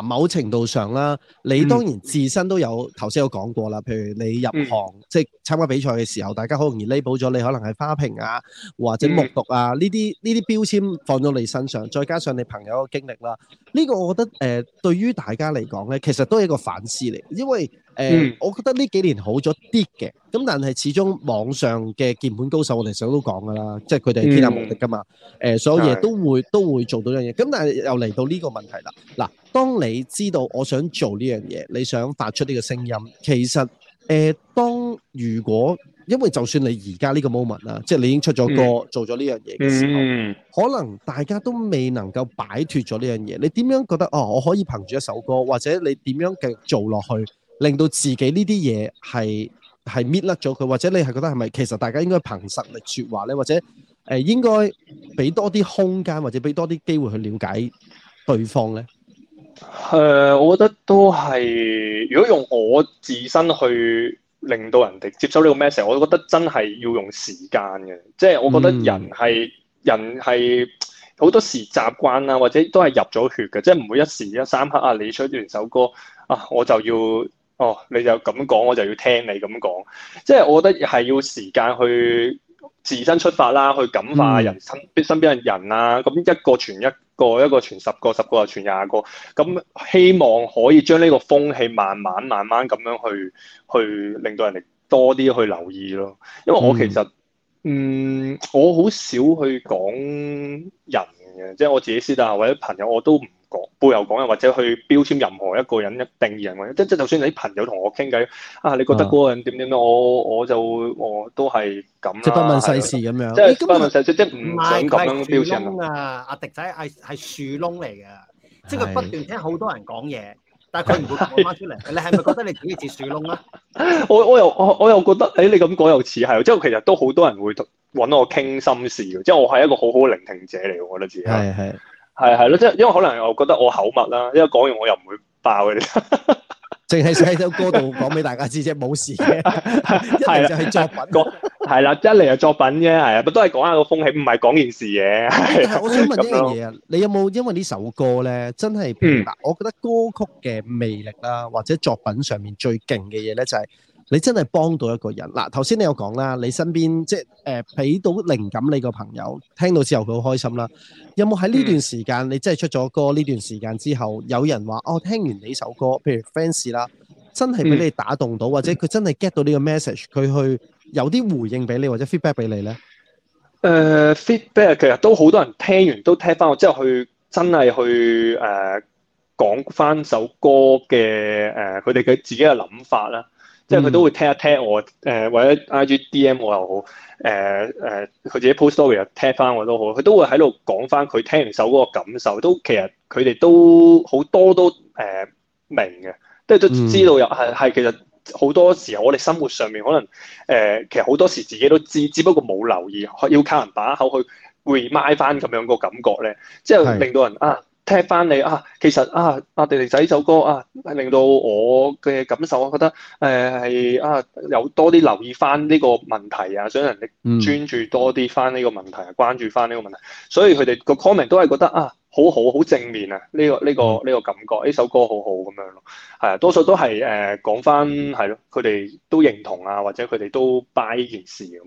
某程度上啦，你當然自身都有頭先有講過啦，譬如你入行、嗯、即係參加比賽嘅時候，大家好容易 label 咗你，可能係花瓶啊，或者木獨啊呢啲呢啲標籤放咗你身上，再加上你朋友嘅經歷啦，呢、這個我覺得誒、呃、對於大家嚟講呢，其實都係一個反思嚟，因為。誒，我覺得呢幾年好咗啲嘅，咁但係始終網上嘅鍵盤高手，我哋成日都講㗎啦，即係佢哋係天下無敵㗎嘛。誒，所有嘢都會都會做到呢樣嘢。咁但係又嚟到呢個問題啦。嗱，當你知道我想做呢樣嘢，你想發出呢個聲音，其實誒，當如果因為就算你而家呢個 moment 啦，即係你已經出咗歌，做咗呢樣嘢嘅時候，可能大家都未能夠擺脱咗呢樣嘢。你點樣覺得？哦，我可以憑住一首歌，或者你點樣繼續做落去？令到自己呢啲嘢係係搣甩咗佢，或者你係覺得係咪其實大家應該憑實力説話咧，或者誒、呃、應該俾多啲空間，或者俾多啲機會去了解對方咧？誒、呃，我覺得都係，如果用我自身去令到人哋接收呢個 message，我都覺得真係要用時間嘅。即、就、係、是、我覺得人係、嗯、人係好多時習慣啦，或者都係入咗血嘅，即係唔會一時一三刻啊，你出完首歌啊，我就要。哦，你就咁講，我就要聽你咁講，即係我覺得係要時間去自身出發啦，嗯、去感化人身，身邊嘅人啦。咁一個傳一個，一個傳十個，十個又傳廿個。咁希望可以將呢個風氣慢慢慢慢咁樣去去令到人哋多啲去留意咯。因為我其實嗯，嗯，我好少去講人嘅，即係我自己私底下，或者朋友我都唔。講背後講啊，或者去標籤任何一個人，一定義人，即即就算你啲朋友同我傾偈啊，你覺得嗰個人點點樣，我我就我都係咁，即不問世事咁樣，即不問世事，即唔想咁樣標籤啊。阿迪仔係係樹窿嚟嘅，即佢不斷聽好多人講嘢，但佢唔會講翻出嚟。你係咪覺得你自己似樹窿啊？我我又我又覺得，誒，你咁講又似係，即其實都好多人會揾我傾心事嘅，即我係一個好好聆聽者嚟，我覺得自己係係。係係咯，即係因為可能我覺得我口密啦，因為講完我又唔會爆嗰啲，淨係寫喺首歌度講俾大家知啫，冇事嘅。一嚟就係作品歌，係啦，一嚟就作品啫，係啊，不過都係講下個風氣，唔係講件事嘅。我想問呢樣嘢啊，你有冇因為呢首歌咧，真係嗱？我覺得歌曲嘅魅力啦，或者作品上面最勁嘅嘢咧，就係。你真係幫到一個人嗱，頭、啊、先你有講啦，你身邊即係誒俾到靈感，你個朋友聽到之後佢好開心啦。有冇喺呢段時間，嗯、你真係出咗歌呢段時間之後，有人話哦，聽完你首歌，譬如 fans 啦，真係俾你打動到，嗯、或者佢真係 get 到呢個 message，佢去有啲回應俾你，或者 feedback 俾你咧？誒、呃、feedback 其實都好多人聽完都聽翻，我之後去真係去誒、呃、講翻首歌嘅誒，佢哋嘅自己嘅諗法啦。嗯、即係佢都會聽一聽我，誒、呃、或者 IGDM 我又好，誒誒佢自己 post story 又聽翻我都好，佢都會喺度講翻佢聽完首歌嘅感受，都其實佢哋都好多都誒、呃、明嘅，即都都知道有係係其實好多時候我哋生活上面可能誒、呃、其實好多時自己都知，只不過冇留意，要靠人把口去 remind 翻咁樣個感覺咧，即係令到人啊～聽翻你啊，其實啊，阿、啊、禮迪仔呢首歌啊，令到我嘅感受，我覺得誒係、呃、啊，有多啲留意翻呢個問題啊，想人哋專注多啲翻呢個問題，關注翻呢個問題。所以佢哋個 comment 都係覺得啊，好好好正面啊，呢、呢個呢、呢個呢、呢個感覺，呢首歌好好咁樣咯，係啊，多數都係誒講翻係咯，佢、呃、哋都認同啊，或者佢哋都 buy 件事咁。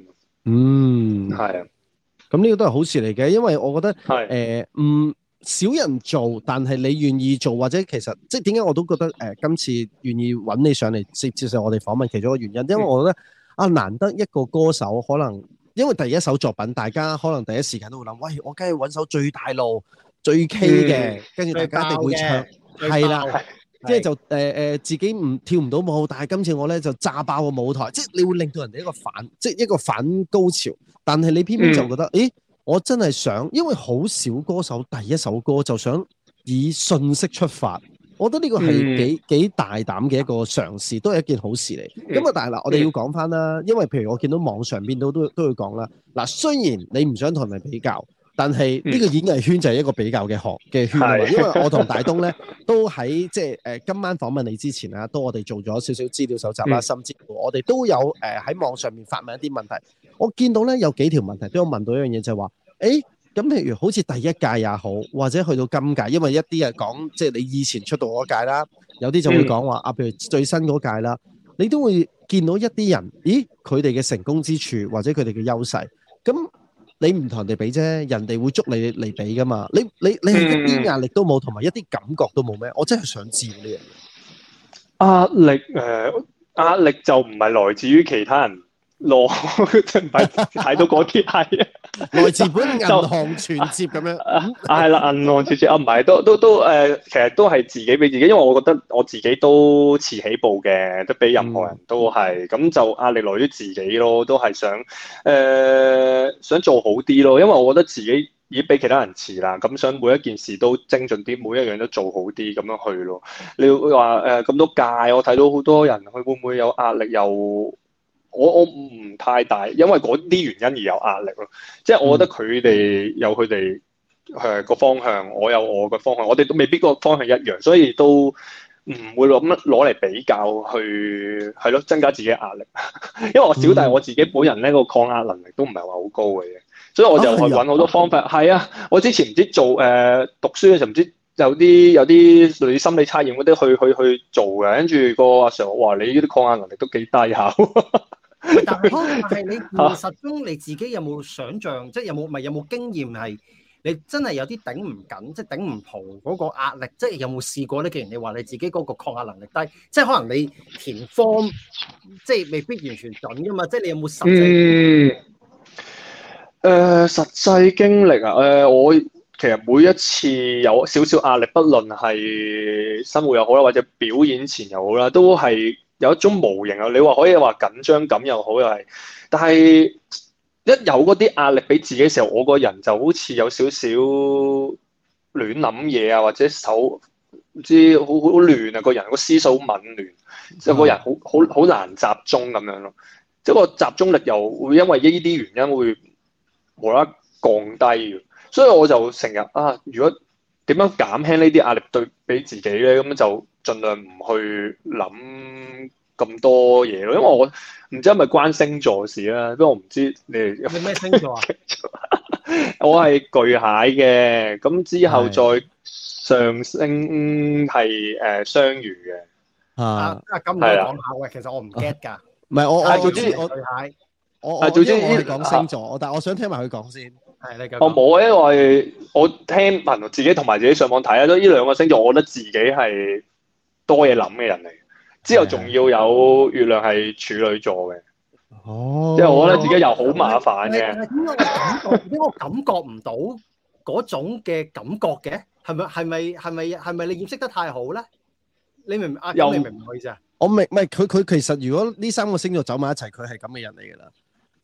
嗯，係啊是，咁呢個都係好事嚟嘅，因為我覺得係誒是、呃、嗯。少人做，但係你願意做，或者其實即係點解我都覺得誒、呃，今次願意揾你上嚟接接受我哋訪問其中一個原因，因為我覺得、嗯、啊，難得一個歌手可能因為第一首作品，大家可能第一時間都會諗，喂，我梗係揾首最大路、最 K 嘅，跟住、嗯、大家一定會唱，係啦，即係就誒誒，自己唔跳唔到舞，但係今次我咧就炸爆個舞台，即係你會令到人哋一個反，即係一個反高潮，但係你偏偏就覺得，誒、嗯？嗯我真係想，因為好少歌手第一首歌就想以信息出發，我覺得呢個係幾幾大膽嘅一個嘗試，都係一件好事嚟。咁啊，但係嗱，我哋要講翻啦，因為譬如我見到網上邊都都都會講啦。嗱，雖然你唔想同人比較，但係呢個演藝圈就係一個比較嘅學嘅圈啊。因為我同大東呢都喺即係誒，今晚訪問你之前啊，都我哋做咗少少資料搜集啦，甚至乎我哋都有誒喺網上面發問一啲問題。我見到呢有幾條問題，都有問到一樣嘢，就係話，誒，咁譬如好似第一屆也好，或者去到今屆，因為一啲係講，即係你以前出道嗰屆啦，有啲就會講話啊，嗯、譬如最新嗰屆啦，你都會見到一啲人，咦，佢哋嘅成功之處或者佢哋嘅優勢，咁你唔同人哋比啫，人哋會捉你嚟比㗎嘛，你你你係一啲壓力都冇，同埋一啲感覺都冇咩？我真係想知呢樣嘢。壓力誒，壓力就唔係來自於其他人，羅即係睇到嗰啲係啊，來自本銀行存摺咁樣啊，係啦，銀行存摺啊，唔係都都都誒，其實都係自己俾自己，因為我覺得我自己都遲起步嘅，都比任何人都係咁就壓力來於自己咯，都係想誒想做好啲咯，因為我覺得自己已經比其他人遲啦，咁想每一件事都精進啲，每一樣都做好啲咁樣去咯。你會話誒咁多屆，我睇到好多人，佢會唔會有壓力又？我我唔太大，因為嗰啲原因而有壓力咯。即係我覺得佢哋有佢哋誒個方向，我有我個方向，我哋都未必個方向一樣，所以都唔會攞乜攞嚟比較去係咯，增加自己壓力。 *laughs* 因為我小弟，弟、嗯、我自己本人咧個抗壓能力都唔係話好高嘅嘢，所以我就去揾好多方法。係啊、哎呦的，我之前唔知做誒、呃、讀書嘅時候，唔知有啲有啲類似心理測驗嗰啲去去去做嘅，跟住個阿 sir 話：你呢啲抗壓能力都幾低下。 *laughs* *laughs* 但係，係你現實中你自己有冇想像，即係、啊、有冇咪有冇經驗係你真係有啲頂唔緊，即、就、係、是、頂唔抱嗰個壓力，即、就、係、是、有冇試過咧？既然你話你自己嗰個抗壓能力低，即、就、係、是、可能你填方即係、就是、未必完全準㗎嘛。即、就、係、是、你有冇實際嗯，誒、呃、實際經歷啊？誒、呃、我其實每一次有少少壓力，不論係生活又好啦，或者表演前又好啦，都係。有一種模型啊，你話可以話緊張感又好又係，但係一有嗰啲壓力俾自己嘅時候，我個人就好似有少少亂諗嘢啊，或者手唔知好好好亂啊，個人個思緒好紊亂，即係、嗯、個人好好好難集中咁樣咯，即係個集中力又會因為呢啲原因會無啦啦降低，所以我就成日啊，如果點樣減輕呢啲壓力對俾自己咧，咁就～盡量唔去諗咁多嘢咯，因為我唔知係咪關星座事啦。不過我唔知你哋咩星座啊？ *laughs* 我係巨蟹嘅，咁之後再上升係誒雙魚嘅。啊，即係講下喂，其實我唔 get 噶。唔係、啊、我我知我我之我最中意講星座，但係我想聽埋佢講先。係你我冇啊，因為我,、啊、我聽朋友同自己同埋自己上網睇啊，都呢兩個星座，我覺得自己係。多嘢諗嘅人嚟，之後仲要有月亮係處女座嘅，因為我覺得自己又好麻煩嘅，點解我感覺唔到嗰種嘅感覺嘅？係咪係咪係咪係咪你掩飾得太好咧？你明唔明啊？又你明唔明我意思啊？我明，唔係佢，佢其實如果呢三個星座走埋一齊，佢係咁嘅人嚟㗎啦。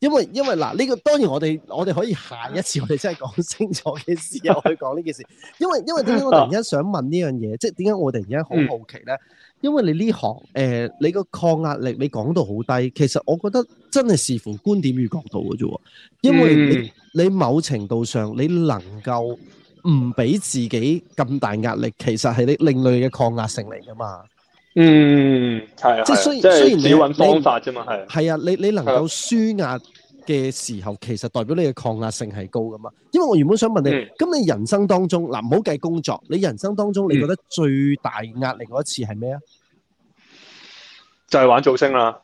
因為因為嗱呢、這個當然我哋我哋可以下一次我哋真係講清楚嘅時候去講呢件事，因為因為點解我突然間想問呢樣嘢。啊、即係點解我突然間好好奇咧？因為你呢行誒、呃，你個抗壓力你講到好低，其實我覺得真係視乎觀點與角度嘅啫。因為你你某程度上你能夠唔俾自己咁大壓力，其實係你另類嘅抗壓性嚟噶嘛。嗯，係，即係雖然雖然你你搵方法啫嘛，係係啊，你你，你，你能夠舒壓嘅時候，其實代表你嘅抗壓性係高噶嘛。因為我原本想問你，咁、嗯、你人生當中嗱唔好計工作，你人生當中、嗯、你覺得最大壓力嗰一次係咩啊？就係玩造星啦。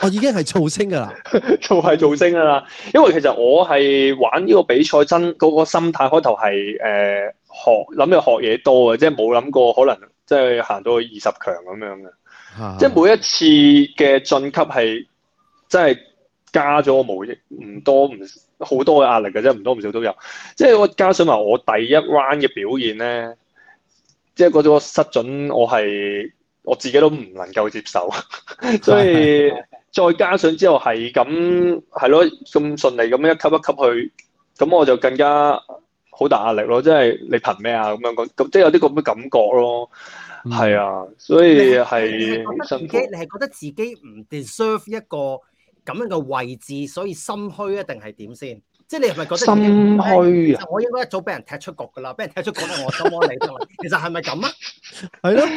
我、哦、已經係造星噶啦，造係 *laughs* 造星噶啦。因為其實我係玩呢個比賽，真嗰、那個心態開頭係誒學諗嘅學嘢多啊，即係冇諗過可能。的即係行到二十強咁樣嘅，即係每一次嘅晉級係真係加咗我冇唔多唔好多嘅壓力嘅啫，唔多唔少都有。即係我加上埋我第一 round 嘅表現咧，即係嗰種失準我，我係我自己都唔能夠接受。 *laughs* 所以再加上之後係咁係咯，咁的的順利咁樣一級一級去，咁我就更加。好大壓力咯，即係你憑咩啊咁樣講，咁即係有啲咁嘅感覺咯，係啊，所以係覺得自己你係覺得自己唔 deserve 一個咁樣嘅位置，所以心虛啊定係點先？即係你係咪覺得心虛啊？我應該一早俾人踢出局噶啦，俾人踢出局係我心安理得啦。其實係咪咁啊？係咯。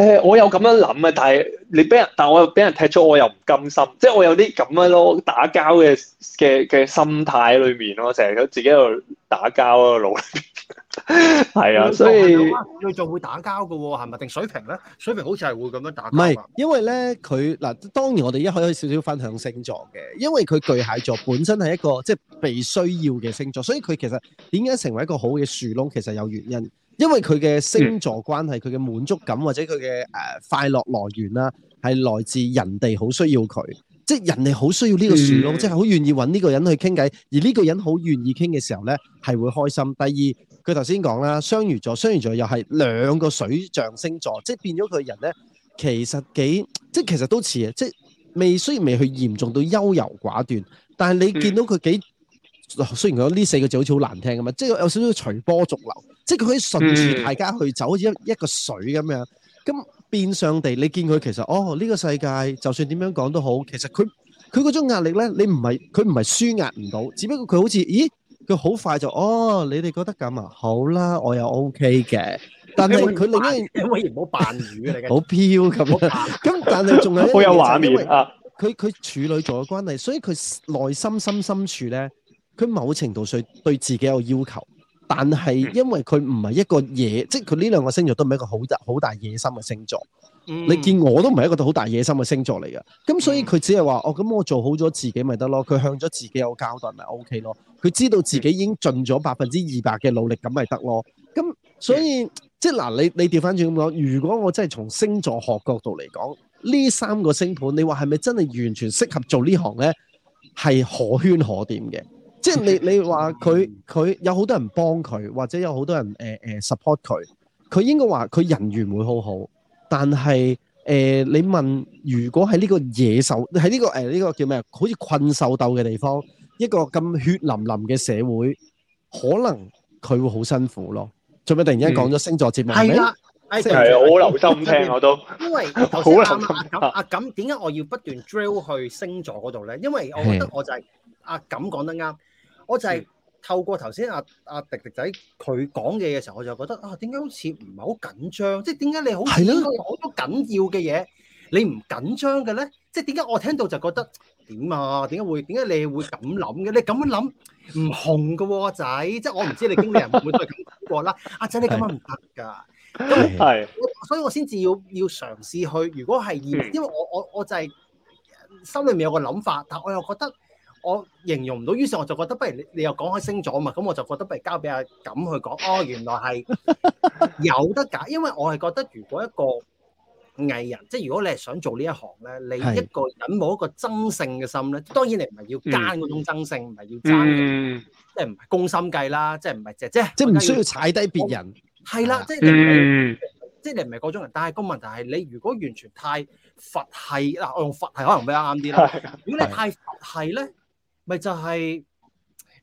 誒，我有咁樣諗啊，但係你俾人，但係我又俾人踢咗，我又唔甘心，即係我有啲咁樣咯，打交嘅嘅嘅心態喺裏面咯，成日都自己喺度打交咯，努力係啊，所以佢仲會打交噶，係咪定水平咧？水平好似係會咁樣打唔係，因為咧佢嗱，當然我哋一可以少少分享星座嘅，因為佢巨蟹座本身係一個即係、就是、被需要嘅星座，所以佢其實點解成為一個好嘅樹窿，其實有原因。因為佢嘅星座關係，佢嘅滿足感或者佢嘅誒快樂來源啦，係來自人哋好需要佢，即係人哋好需要呢個樹窿，嗯、即係好願意揾呢個人去傾偈，而呢個人好願意傾嘅時候咧，係會開心。第二，佢頭先講啦，雙魚座，雙魚座又係兩個水象星座，即係變咗佢人咧，其實幾即係其實都似啊，即係未雖然未去嚴重到優柔寡斷，但係你見到佢幾、嗯、雖然佢講呢四個字好似好難聽咁嘛，即係有少少隨波逐流。即係佢可以順住大家去走，好似一一個水咁樣，咁變相地，你見佢其實哦，呢個世界就算點樣講都好，其實佢佢嗰種壓力咧，你唔係佢唔係舒壓唔到，只不過佢好似，咦，佢好快就哦，你哋覺得咁啊，好啦，我又 O K 嘅，但係佢另一，你唔好扮魚嚟嘅，好飄咁，咁但係仲有好有畫面啊，佢佢處女座嘅關係，所以佢內心深深處咧，佢某程度上對自己有要求。但係，因為佢唔係一個野，即係佢呢兩個星座都唔係一個好大好大野心嘅星座。嗯、你見我都唔係一個好大野心嘅星座嚟嘅，咁所以佢只係話：哦，咁我做好咗自己咪得咯。佢向咗自己有交代，咪 OK 咯。佢知道自己已經盡咗百分之二百嘅努力，咁咪得咯。咁所以即係嗱，你你調翻轉咁講，如果我真係從星座學角度嚟講，呢三個星盤，你話係咪真係完全適合做呢行呢？係可圈可點嘅。即係你你話佢佢有好多人幫佢，或者有好多人誒誒 support 佢，佢應該話佢人緣會好好。但係誒，你問如果喺呢個野獸喺呢個誒呢個叫咩啊？好似困獸鬥嘅地方，一個咁血淋淋嘅社會，可能佢會好辛苦咯。做咩突然間講咗星座節目？係啦，係啊，好留心聽我都。因為頭先阿阿阿咁點解我要不斷 drill 去星座嗰度咧？因為我覺得我就係阿咁講得啱。我就係透過頭先阿阿迪迪仔佢講嘢嘅時候，我就覺得啊，點解好似唔係好緊張？即係點解你好好多緊要嘅嘢，你唔緊張嘅咧？即係點解我聽到就覺得點啊？點解會點解你會咁諗嘅？你咁樣諗唔紅噶喎，阿仔！即係我唔知你經理人會唔會都係咁講啦。阿仔、 *laughs* 啊，你咁樣唔得㗎，係，所以我先至要要嘗試去。如果係因為我我我就係心裏面有個諗法，但我又覺得。我形容唔到，於是我就覺得不如你你又講開星座嘛，咁我就覺得不如交俾阿錦去講。哦，原來係有得解，因為我係覺得如果一個藝人，即係如果你係想做呢一行咧，你一個人冇一個爭勝嘅心咧，當然你唔係要奸嗰種爭勝，唔係要爭，即係唔係攻心計啦，即係唔係姐姐，即係唔需要踩低別人，係啦，即係你唔係即係你唔係嗰種人，但係個問題係你如果完全太佛系嗱，我用佛系可能比較啱啲啦。如果你太佛系咧。咪就係、是，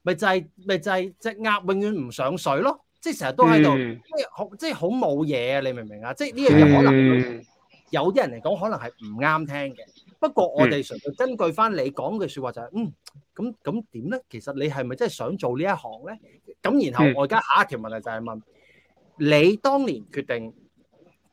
咪就係、是，咪就係、是、隻、就是、鴨永遠唔上水咯，即係成日都喺度，嗯、即係好，冇嘢啊！你明唔明啊？即係呢樣嘢可能有啲、嗯、人嚟講可能係唔啱聽嘅。不過我哋純粹根據翻你講嘅説話就係、是，嗯，咁咁點咧？其實你係咪真係想做呢一行咧？咁然後我而家下一條問題就係問你當年決定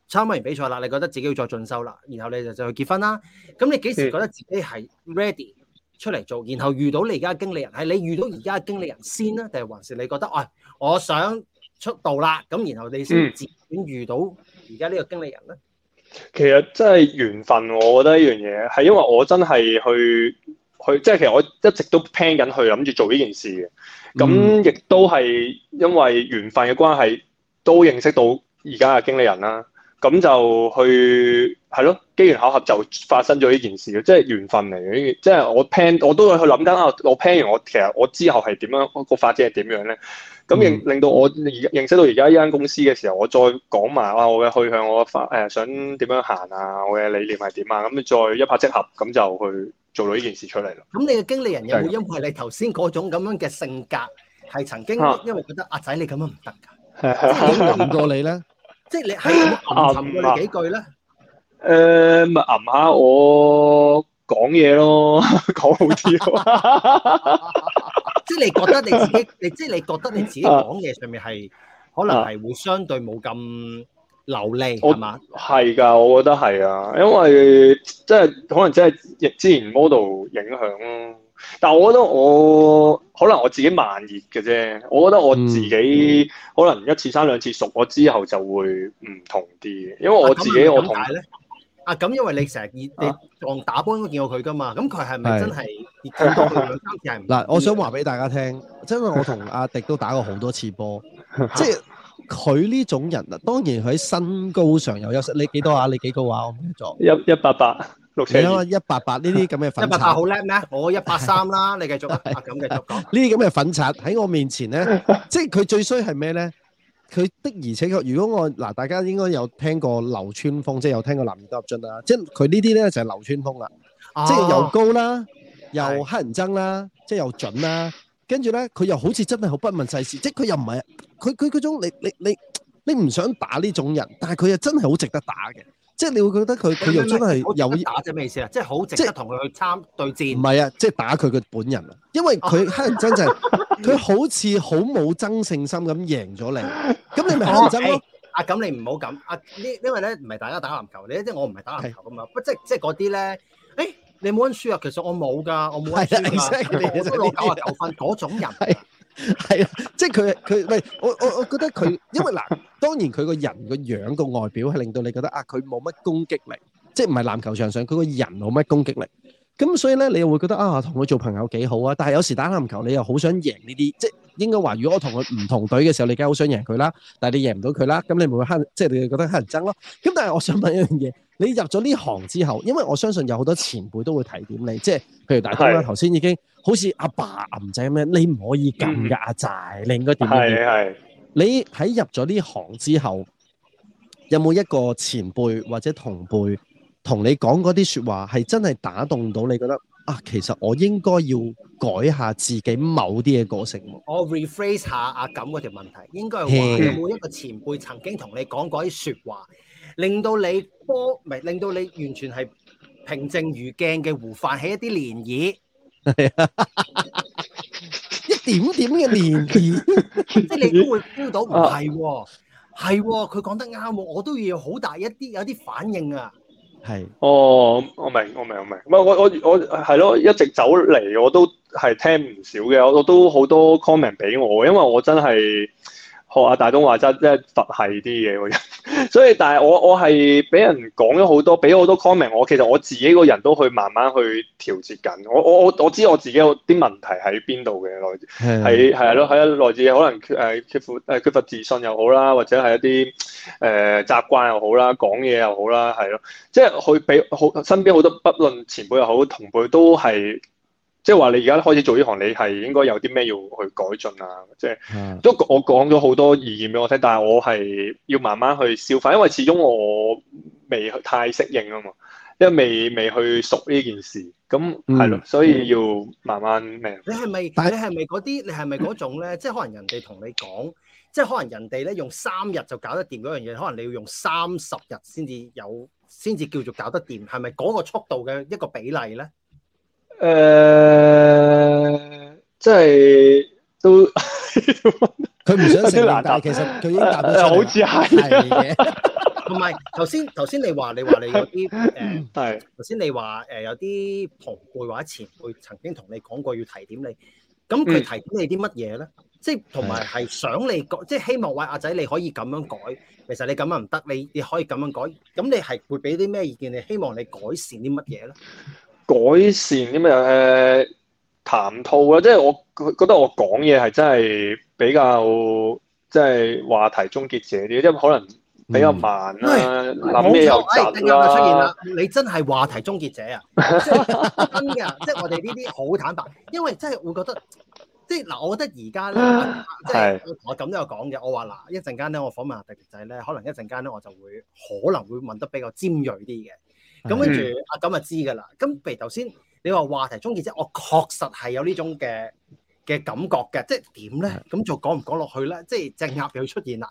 參加完比賽啦，你覺得自己要再進修啦，然後你就就去結婚啦。咁你幾時覺得自己係 ready？.出嚟做，然後遇到你而家嘅經理人，係你遇到而家嘅經理人先啦，定係還是你覺得，喂、哎，我想出道啦，咁然後你先至轉遇到而家呢個經理人咧、嗯？其實真係緣分，我覺得呢樣嘢係因為我真係去去即係其實我一直都 plan 緊去諗住做呢件事嘅，咁亦都係因為緣分嘅關係，都認識到而家嘅經理人啦。咁就去係咯，機緣巧合就發生咗呢件事嘅，即係緣分嚟嘅。即係我 plan，我都會去諗緊啊。我 plan 完，我其實我之後係點樣個發展係點樣咧？咁令令到我認識到而家呢間公司嘅時候，我再講埋啊，我嘅去向，我嘅發誒想點樣行啊，我嘅理念係點啊？咁再一拍即合，咁就去做咗呢件事出嚟咯。咁你嘅經理人有冇因為你頭先嗰種咁樣嘅性格，係曾經、啊、因為覺得阿仔、啊、你咁樣唔得㗎，即係點過你咧？即你係唔吟你幾句咧？誒，咪吟下我講嘢咯，講好啲咯。即你覺得你自己，你即你覺得你自己講嘢上面係可能係會相對冇咁流利，係嘛我？係噶吧，我覺得係啊，因為即可能即係亦之前 model 影響咯。但係我覺得我可能我自己慢熱嘅啫，我覺得我自己可能一次生兩次熟，我之後就會唔同啲。因為我自己我同解咧，啊咁，因為你成日熱，你撞打波都見過佢㗎嘛？咁佢係咪真係熱到兩三次嗱？我想話俾大家聽，因為我同阿迪都打過好多次波，即係佢呢種人啊，當然佢身高上有優勢。你幾多啊？你幾高啊？我唔記得咗，一一百八。你睇下一八八呢啲咁嘅粉，一八八好叻咩？我一八三啦，你繼續一八咁繼續講。呢啲咁嘅粉刷喺我面前咧，即係佢最衰係咩咧？佢的而且確，如果我嗱，大家應該有聽過流川楓，即係有聽過林家俊啦，即係佢呢啲咧就係流川楓啦，即係又高啦，又黑人憎啦，即係又準啦，跟住咧佢又好似真係好不問世事，即係佢又唔係佢佢嗰種你你你你唔想打呢種人，但係佢又真係好值得打嘅。即係你會覺得佢佢又真係有意打啫。咩意思啊？即係好值得同佢去參對戰。唔係啊，即係打佢嘅本人啊，因為佢乞人憎就係佢好似好冇爭勝心咁贏咗你。咁你咪乞人憎咯？阿咁你唔好咁，阿因因為咧唔係大家打籃球，你即我唔係打籃球㗎嘛。不即即嗰啲咧，哎你冇温書啊？其實我冇㗎，我冇温書啊，我都攞九十九分嗰種人。係 *laughs* 啊，即係佢佢，喂，我我我覺得佢，因為嗱，當然佢個人個樣個外表係令到你覺得啊，佢冇乜攻擊力，即係唔係籃球場上佢個人冇乜攻擊力，咁所以咧你又會覺得啊，同佢做朋友幾好啊，但係有時打籃球你又好想贏呢啲，即係應該話，如果我同佢唔同隊嘅時候，你梗係好想贏佢啦，但係你贏唔到佢啦，咁你咪會黑，即、就、係、是、你會覺得黑人憎咯。咁但係我想問一樣嘢，你入咗呢行之後，因為我相信有好多前輩都會提點你，即係譬如大家啦，頭先是已經好似阿爸阿唔仔咁樣，你唔可以撳㗎、嗯、阿仔，你應該點，點？係係。你喺入咗呢行之後，有冇一個前輩或者同輩同你講嗰啲説話係真係打動到你覺得？啊，其實我應該要改下自己某啲嘅個性。我 rephrase 下阿錦嗰條問題，應該係話有冇一個前輩曾經同你講過啲説話，令到你波，唔係令到你完全係平靜如鏡嘅湖泛起一啲漣漪，一點點嘅漣漪，即係你都會 feel 到，唔係喎，係喎，佢講得啱，我都要好大一啲有啲反應啊。係，是哦，我明，我明，我明，唔係我我我係咯，一直走嚟，我都係聽唔少嘅，我都好多 comment 俾我，因為我真係學阿大東話齋，即係佛系啲嘢，所以，但係我我係俾人講咗好多，俾好多 comment，我其實我自己個人都去慢慢去調節緊。我我我我知我自己有啲問題喺邊度嘅來，係係咯，係啊的，來自可能誒缺、呃、乏誒缺乏自信又好啦，或者係一啲誒、呃、習慣又好啦，講嘢又好啦，係咯，即係佢俾好身邊好多不論前輩又好同輩都係。即係話你而家開始做呢行，你係應該有啲咩要去改進啊？即係，嗯，都我講咗好多意見俾我聽，但係我係要慢慢去消化，因為始終我未去太適應啊嘛，因為未未去熟呢件事，咁係咯，所以要慢慢咩？你係咪你係咪嗰啲？你係咪嗰種咧？即係可能人哋同你講，即係可能人哋咧用三日就搞得掂嗰樣嘢，可能你要用三十日先至有，先至叫做搞得掂，係咪嗰個速度嘅一個比例咧？誒、呃，即係都佢唔 *laughs* 想食， *laughs* 辣但其實佢已經答到出嚟 *laughs* 好似係嘅。同埋頭先，頭先你話你話你有啲誒，係頭先你話誒、呃、有啲同輩或者前輩曾經同你講過要提點你，咁佢提點你啲乜嘢咧？即係同埋係想你改，即係希望話阿仔你可以咁樣改。其實你咁樣唔得，你你可以咁樣改。咁你係會俾啲咩意見？你希望你改善啲乜嘢咧？ *laughs* *laughs* 改善啲咩？誒、呃、談吐啊，即係我覺得我講嘢係真係比較即係話題終結者啲，即係可能比較慢啦、啊，諗嘢、嗯、又雜啦。嗯哎、就出現啦， *laughs* 你真係話題終結者啊！ *laughs* 真嘅，即係我哋呢啲好坦白，因為真係會覺得即嗱，我覺得而家咧， *laughs* 即係我咁都有講嘅。我話嗱，一陣間咧，我訪問下迪仔咧，可能一陣間咧，我就會可能會問得比較尖鋭啲嘅。咁跟住阿咁就知噶啦。咁譬如頭先你話話題終結者，我確實係有呢種嘅嘅感覺嘅，即係點咧？咁就講唔講落去咧？即係隻鴨又出現啦。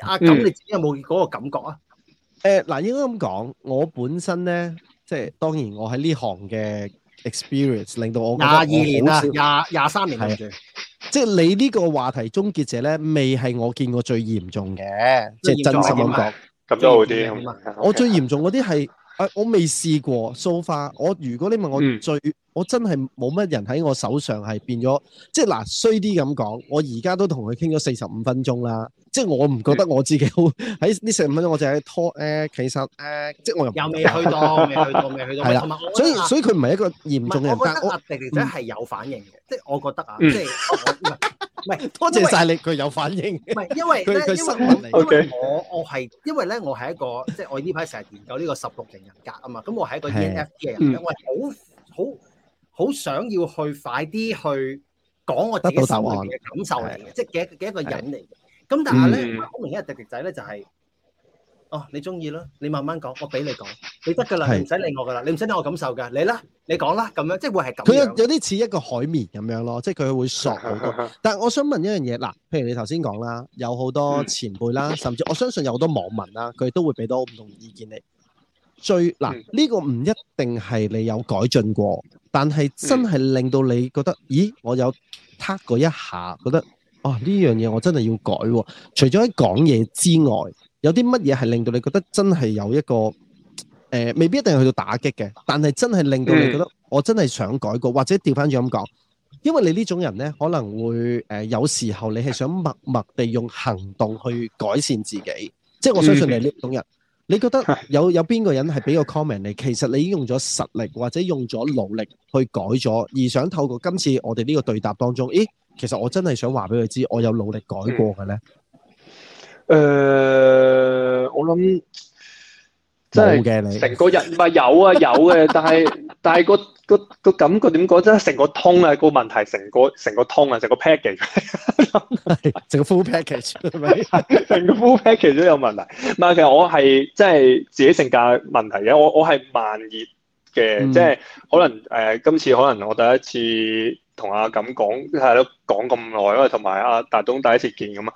阿咁你自己有冇嗰個感覺啊？誒嗱，應該咁講，我本身咧，即係當然我喺呢行嘅 experience 令到我廿二年啦，廿廿三年跟住，即係你呢個話題終結者咧，未係我見過最嚴重嘅，即係真心咁講，咁都好啲。我最嚴重嗰啲係。啊、我未試過蘇化。So far，我如果你問我最。嗯我真係冇乜人喺我手上係變咗，即係嗱衰啲咁講，我而家都同佢傾咗四十五分鐘啦，即係我唔覺得我自己好喺呢四十五分鐘，我就喺拖誒，其實誒，即係我又未去到，未去到，未去到，係啦，所以所以佢唔係一個嚴重嘅人，但係我唔係有反應嘅，即係我覺得啊，即係唔係多謝晒你，佢有反應，唔係因為咧，因為我我係因為咧，我係一個即係我呢排成日研究呢個十六型人格啊嘛，咁我係一個 ENFP 嘅人，因為好好。好想要去快啲去講我自己嘅感受嚟嘅，即係幾幾一個人嚟嘅。咁但係咧，好明顯係迪迪仔咧，就係哦，你中意咯，你慢慢講，我俾你講，你得噶啦，唔使理我噶啦，你唔使理我感受噶，你啦，你講啦，咁樣即係會係咁。佢有有啲似一個海綿咁樣咯，即係佢會索好多。但係我想問一樣嘢，嗱，譬如你頭先講啦，有好多前輩啦，甚至我相信有好多網民啦，佢都會俾到唔同意見你。最嗱呢、這個唔一定係你有改進過，但係真係令到你覺得，咦？我有 touch 過一下，覺得哦，呢樣嘢我真係要改、哦、除咗喺講嘢之外，有啲乜嘢係令到你覺得真係有一個誒、呃、未必一定去到打擊嘅，但係真係令到你覺得我真係想改過或者調翻轉咁講，因為你呢種人咧，可能會誒、呃、有時候你係想默默地用行動去改善自己，即係我相信你呢種人。你覺得有有邊個人係俾個 comment，你其實你已經用咗實力或者用咗努力去改咗，而想透過今次我哋呢個對答當中，咦？其實我真係想話俾佢知，我有努力改過嘅呢？誒、嗯呃，我諗。真係成個人，唔係 *laughs* 有啊有嘅，但係 *laughs* 但係個個個感覺點講啫？成個通啊個問題，成個成個通啊，成個 package，成 *laughs* 個 full package，成 *laughs* *laughs* 個 full package 都有問題。唔係其實我係即係自己性格問題嘅，我我係慢熱嘅，嗯、即係可能誒、呃、今次可能我第一次同阿錦講係咯，講咁耐啦，同埋阿大東第一次見咁啊，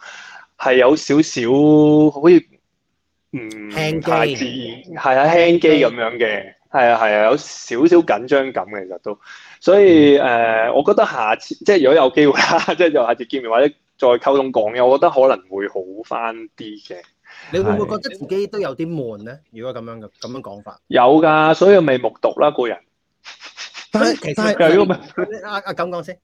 係有少少好似。唔太自然，係啊，輕機咁樣嘅，係啊，係啊，有少少緊張感嘅，其實都，嗯、所以誒，我覺得下次即係如果有機會啦，即係又下次見面或者再溝通講嘅，我覺得可能會好翻啲嘅。你會唔會覺得自己都有啲悶咧？是如果咁樣嘅咁樣講法， *music* 有噶，所以我咪目讀啦，個人。 *laughs* 但係其實啊 *laughs* 啊，咁講先，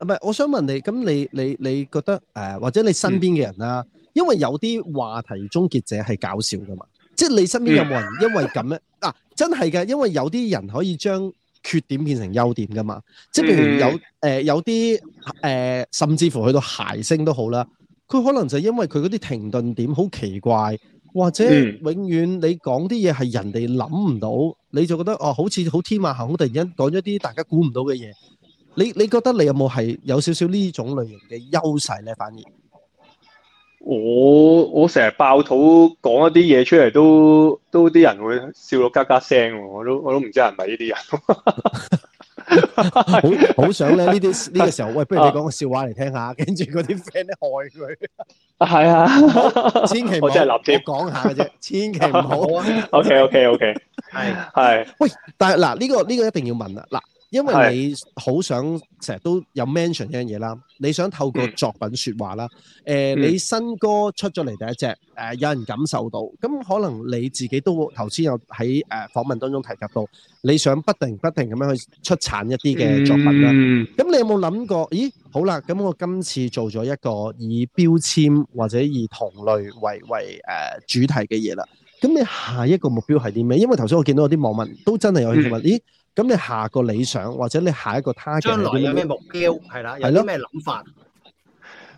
唔係，我想問你，咁你你你覺得誒，或者你身邊嘅人啦。因為有啲話題終結者係搞笑噶嘛，即係你身邊有冇人因為咁咧？嗱、嗯啊，真係嘅，因為有啲人可以將缺點變成優點噶嘛。即係譬如有誒、呃、有啲誒、呃，甚至乎去到諧星都好啦。佢可能就因為佢嗰啲停頓點好奇怪，或者永遠你講啲嘢係人哋諗唔到，嗯、你就覺得哦，好似好天馬行空，突然間講咗啲大家估唔到嘅嘢。你你覺得你有冇係有，有少少呢種類型嘅優勢咧？反而？我我成日爆肚講一啲嘢出嚟，都都啲人會笑到嘎嘎聲，我都我都唔知係咪呢啲人 *laughs* *laughs* 好，好想咧呢啲呢、呢個這個時候，喂不如你講個笑話嚟聽，聽 *laughs* *laughs* 下，跟住嗰啲 friend 咧害佢，係啊，千祈唔好，我真係立即講下啫，千祈唔好 OK OK OK，係係，喂，但係嗱呢個呢、呢個一定要問啦，嗱。因為你好想成日都有 mention 呢樣嘢啦，你想透過作品説話啦。誒，你新歌出咗嚟第一隻，誒、呃，有人感受到，咁可能你自己都頭先有喺誒、呃、訪問當中提及到，你想不停不停咁樣去出產一啲嘅作品啦。咁、嗯、你有冇諗過？咦，好啦，咁我今次做咗一個以標籤或者以同類為為誒、呃、主題嘅嘢啦。咁你下一個目標係啲咩？因為頭先我見到有啲網民都真係有興趣問，咦、嗯？咁你下個理想，或者你下一個他嘅，將來有咩目標？係啦，的有啲咩諗法？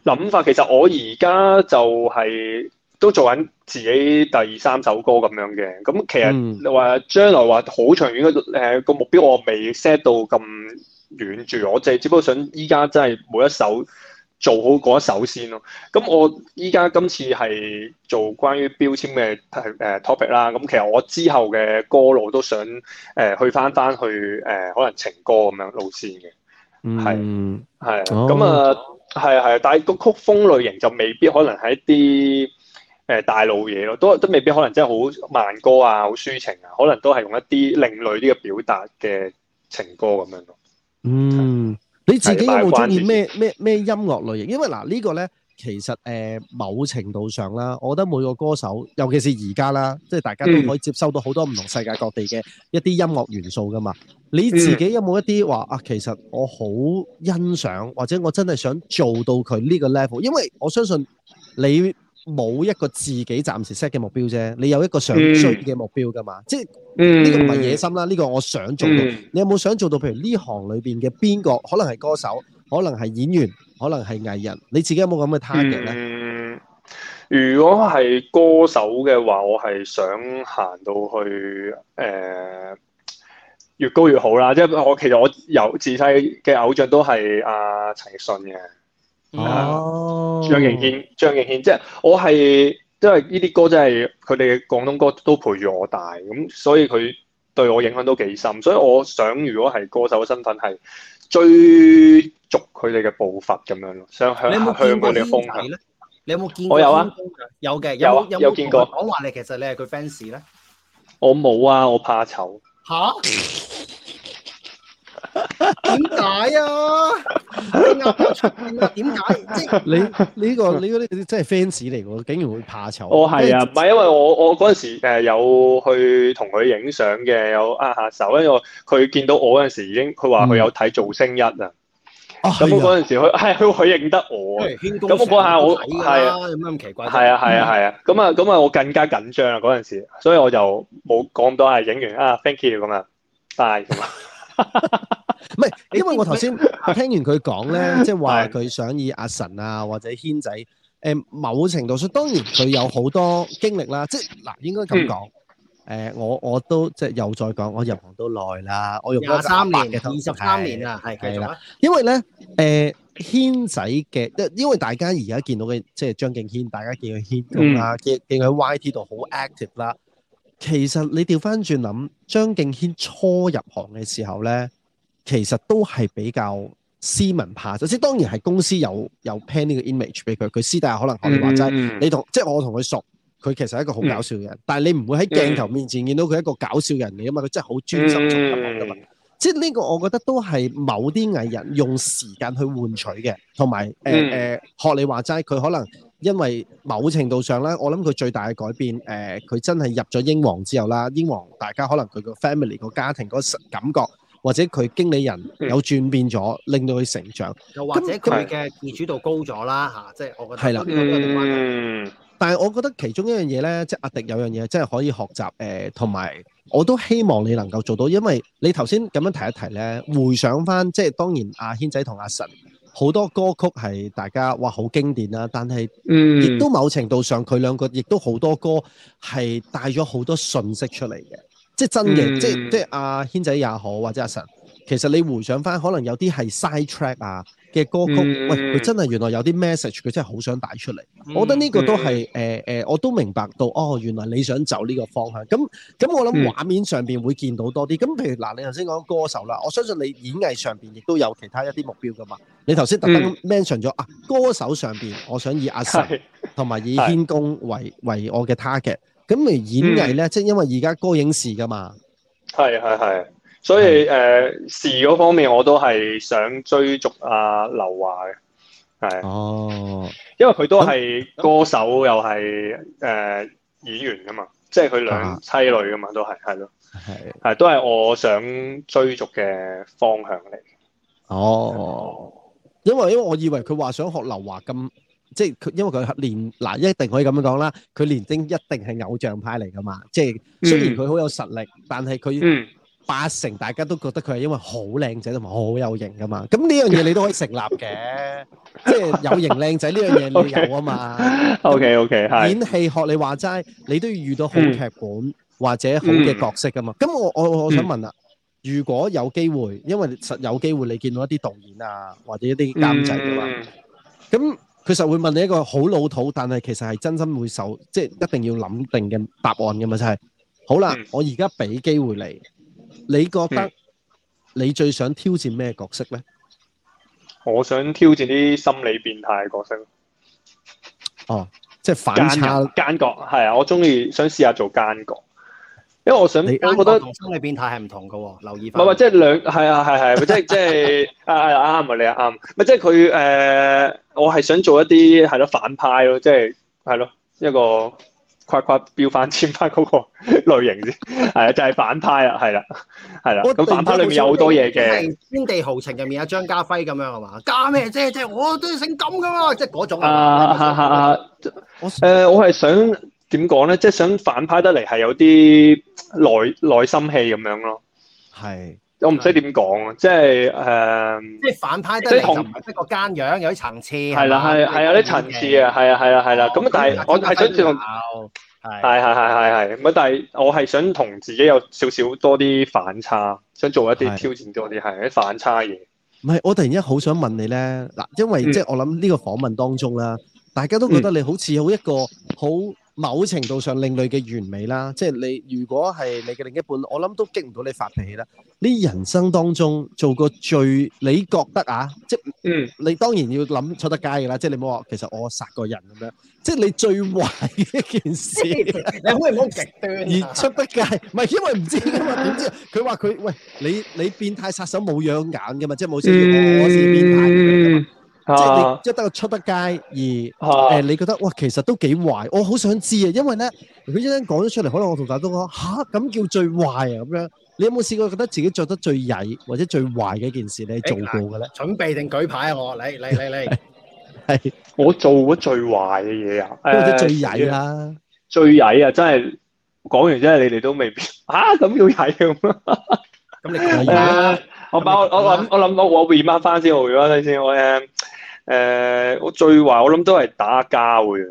諗法，其實我而家就係都做緊自己第三首歌咁樣嘅。咁其實你話將來話好長遠嘅，誒，個目標我未 set 到咁遠住，我淨係只不過想依家真係每一首。做好嗰一首先咯。咁我依家今次係做關於標籤嘅誒 topic 啦。咁其實我之後嘅歌路都想誒、呃、去翻翻去誒、呃、可能情歌咁樣路線嘅，係係、嗯。咁啊係啊。但係個曲風類型就未必可能係一啲誒、呃、大路嘢咯，都都未必可能真係好慢歌啊，好抒情啊，可能都係用一啲另類啲嘅表達嘅情歌咁樣咯。嗯。你自己有冇中意咩咩咩音樂類型？因為嗱、這個、呢個咧，其實誒、呃，某程度上啦，我覺得每個歌手，尤其是而家啦，即係大家都可以接收到好多唔同世界各地嘅一啲音樂元素㗎嘛。你自己有冇一啲話啊？其實我好欣賞，或者我真係想做到佢呢個 level，因為我相信你。冇一個自己暫時 set 嘅目標啫，你有一個想追嘅目標噶嘛？即係呢個唔係野心啦，呢、這個我想做到。嗯、你有冇想做到？譬如呢行裏邊嘅邊個，可能係歌手，可能係演員，可能係藝人，你自己有冇咁嘅 target 呢？如果係歌手嘅話，我係想行到去誒、呃、越高越好啦。即係我其實我由自細嘅偶像都係阿陳奕迅嘅。哦、啊，張敬軒，張敬軒，即係我係，因為呢啲歌真係佢哋嘅廣東歌都陪住我大，咁所以佢對我影響都幾深，所以我想如果係歌手嘅身份係追逐佢哋嘅步伐咁樣咯，想向向佢哋嘅方向你有有。你有冇見過？我有啊，有嘅，有，有，有，有啊，有見過。我話你其實你係佢 fans 咧，我冇啊，我怕醜。嚇！點解啊？啊你點、這、解、個？即係你呢個你個啲真係 fans 嚟嘅，竟然會怕醜。我係、 *noise* 哦、啊，唔係因為我 *noise* 我嗰陣時誒有去同佢影相嘅，有握、啊、下手，因為佢見到我嗰陣時已經，佢話佢有睇《做星一造星一》嗯、啊。咁、啊、我嗰陣時，佢係佢認得我。咁我嗰下，我係啊，有咩咁奇怪？係啊係啊係啊，咁啊咁啊， *noise* 我更加緊張啊嗰陣時，所以我就冇講咁多、啊，係影完啊，啊，thank you 咁、like、啊，拜咁啊。 *noise* 唔係， *laughs* 因為我頭先聽完佢講咧，即係話佢想以阿神啊或者軒仔，誒、呃，某程度上當然佢有好多經歷啦。即係嗱，應該咁講。誒、嗯呃，我我都即係又再講，我入行都耐啦，我用咗三年嘅，二十三年啊，係係啦。因為咧，誒、呃，軒仔嘅，因為大家而家見到嘅即係張敬軒，大家見佢軒啦，見見佢喺 Y T 度好 active 啦。其實你調翻轉諗，張敬軒初入行嘅時候咧，其實都係比較斯文怕，首先當然係公司有有 plan 呢個 image 俾佢，佢私底下可能學你話齋，嗯、你同即係我同佢熟，佢其實係一個好搞笑嘅人，嗯、但係你唔會喺鏡頭面前見到佢一個搞笑人嚟啊嘛，佢真係好專心做音樂㗎嘛，嗯、即係呢個我覺得都係某啲藝人用時間去換取嘅，同埋誒誒學你話齋，佢可能。因為某程度上咧，我諗佢最大嘅改變，誒、呃、佢真係入咗英皇之後啦，英皇大家可能佢個 family 個家庭嗰感覺，或者佢經理人有轉變咗，令到佢成長，又或者佢嘅自主度高咗啦吓，即係我覺得。係啦。嗯。但係我覺得其中一樣嘢咧，即係阿迪有樣嘢真係可以學習，誒同埋我都希望你能夠做到，因為你頭先咁樣提一提咧，回想返即係當然阿軒仔同阿神。好多歌曲係大家話好經典啦、啊，但係亦都某程度上佢、嗯、兩個亦都好多歌係帶咗好多信息出嚟嘅，即係真嘅、嗯，即係即係阿軒仔、也好，或者阿、啊、神，其實你回想翻，可能有啲係 side track 啊。嘅歌曲，喂，佢真係原來有啲 message，佢真係好想帶出嚟、嗯。嗯、我覺得呢個都係誒誒，我都明白到哦，原來你想走呢個方向。咁咁，我諗畫面上邊會見到多啲。咁譬如嗱，你頭先講歌手啦，我相信你演藝上邊亦都有其他一啲目標㗎嘛你。你頭先特登 mention 咗啊，歌手上邊，我想以阿 Sir 同埋以天工為 *laughs* 是為我嘅 target。咁嚟演藝咧，嗯、即係因為而家歌影視㗎嘛。係係係。所以誒、呃、事嗰方面，我都係想追逐阿、啊、劉華嘅，係哦，因為佢都係歌手又係誒演員㗎嘛，即係佢兩棲類㗎嘛，都係係咯，係的都係我想追逐嘅方向嚟。哦，因為的因為我以為佢話想學劉華咁，即係佢因為佢年嗱一定可以咁樣講啦，佢年青一定係偶像派嚟㗎嘛，即、就、係、是、雖然佢好有實力，嗯、但係佢。嗯八成大家都覺得佢係因為好靚仔同埋好有型㗎嘛，咁呢樣嘢你都可以成立嘅，即係有型靚仔呢樣嘢你有啊嘛。OK OK，係演戲學你話齋，你都要遇到好劇本或者好嘅角色㗎嘛。咁我我我想問啦，如果有機會，因為實有機會你見到一啲導演啊，或者一啲監製嘅話，咁佢實會問你一個好老土，但係其實係真心會受，即係一定要諗定嘅答案嘅嘛。就係好啦，我而家俾機會你。你覺得你最想挑戰咩角色咧？我想挑戰啲心理變態嘅角色。哦，即係反差奸角，係啊！我鍾意想試下做奸角，因為我想我覺得同心理變態係唔同㗎喎。留意唔係唔係，即係兩係啊係係，即係即係啊啊啱啊你啊啱，咪即係佢誒，我係想做一啲係咯反派咯，即係係咯一個。誇誇彪翻，簽翻嗰個類型先，係啊，就係反派啊，係啦，係啦。咁反派裏面有好多嘢嘅。天地豪情入面有張家輝咁樣係嘛？加咩啫啫？我都係性感噶嘛，即係嗰種。啊啊啊！我誒，我係想點講咧？即係想反派得嚟係有啲內內心戲咁樣咯。係。我唔使點講啊，即係誒，即係反派，即係同即係個奸樣有啲層次，係啦，係係啊，有啲層次啊，係啊，係啊，係啦。咁但係我係想同，係係係係係，咁但係我係想同自己有少少多啲反差，想做一啲挑戰多啲係啲反差嘢。唔係，我突然間好想問你咧，嗱，因為即係我諗呢個訪問當中啦，大家都覺得你好似有一個好某程度上另類嘅完美啦，即係你如果係你嘅另一半，我諗都激唔到你發脾氣啦。你人生當中做過最你覺得啊，即係、嗯、你當然要諗出得街㗎啦。即係你唔好話其實我殺過人咁樣，即係你最壞嘅一件事。嗯、你好似好極端、啊、而出得街，唔係因為唔知㗎嘛？點知佢話佢喂，你你變態殺手冇養眼㗎嘛？即係冇識我變態咁即係你即係得個出得街而誒，你覺得哇，其實都幾壞。我好想知啊，因為咧如果一陣講咗出嚟，可能我同大家講吓咁叫最壞啊咁樣。你有冇試過覺得自己做得最曳或者最壞嘅一件事，你做過嘅咧？準備定舉牌啊我你你你你係我做過最壞嘅嘢啊，或者最曳啦，最曳啊！真係講完真係你哋都未必啊，咁叫曳咁。咁你講啦，我包我諗我諗我我 remark 翻先，我 remark 你先，我誒。誒，我最話我諗都係打交嘅，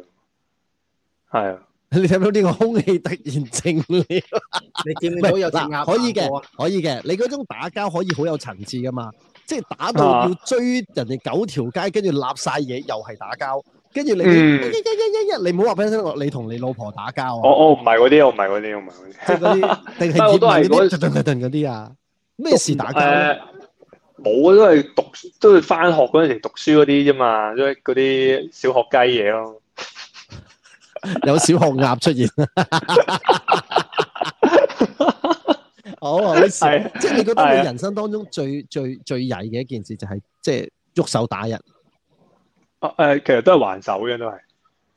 係啊。 *laughs* 你睇到呢個空氣突然靜你？ *laughs* 你見到好有啲鴨？可以嘅，可以嘅。你嗰種打交可以好有層次㗎嘛？即係打到要追人哋九條街，跟住立晒嘢，又係打交，跟住你一一一一一，嗯、你唔好話俾我聽，你同你老婆打交啊？哦，唔係嗰啲，我唔係嗰啲，我唔係嗰啲，定係點？ *laughs* 都係嗰啲，頓頓嗰啲啊？咩事打交？呃冇啊，都係讀，都係翻學嗰陣時讀書嗰啲啫嘛，即係嗰啲小學雞嘢咯。 *laughs* 有小學鴨出現啦。 *laughs* 好，係的，即係你覺得你人生當中最的最最曳嘅一件事就係、是，即係喐手打人。誒、啊呃，其實都係還手嘅都係。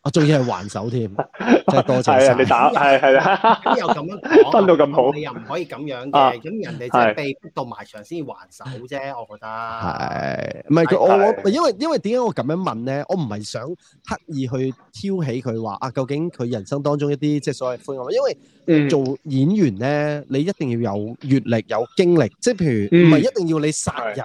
我仲要係還手添，即係多謝曬。你打係係啦，又咁樣分到咁好，你又唔可以咁樣嘅。咁人哋就係被逼到埋牆先要還手啫，我覺得。係，唔係佢我我，因為因為點解我咁樣問咧？我唔係想刻意去挑起佢話啊，究竟佢人生當中一啲即係所謂「灰我」，因為做演員咧，你一定要有閲歷、有經歷，即係譬如唔係一定要你殺人。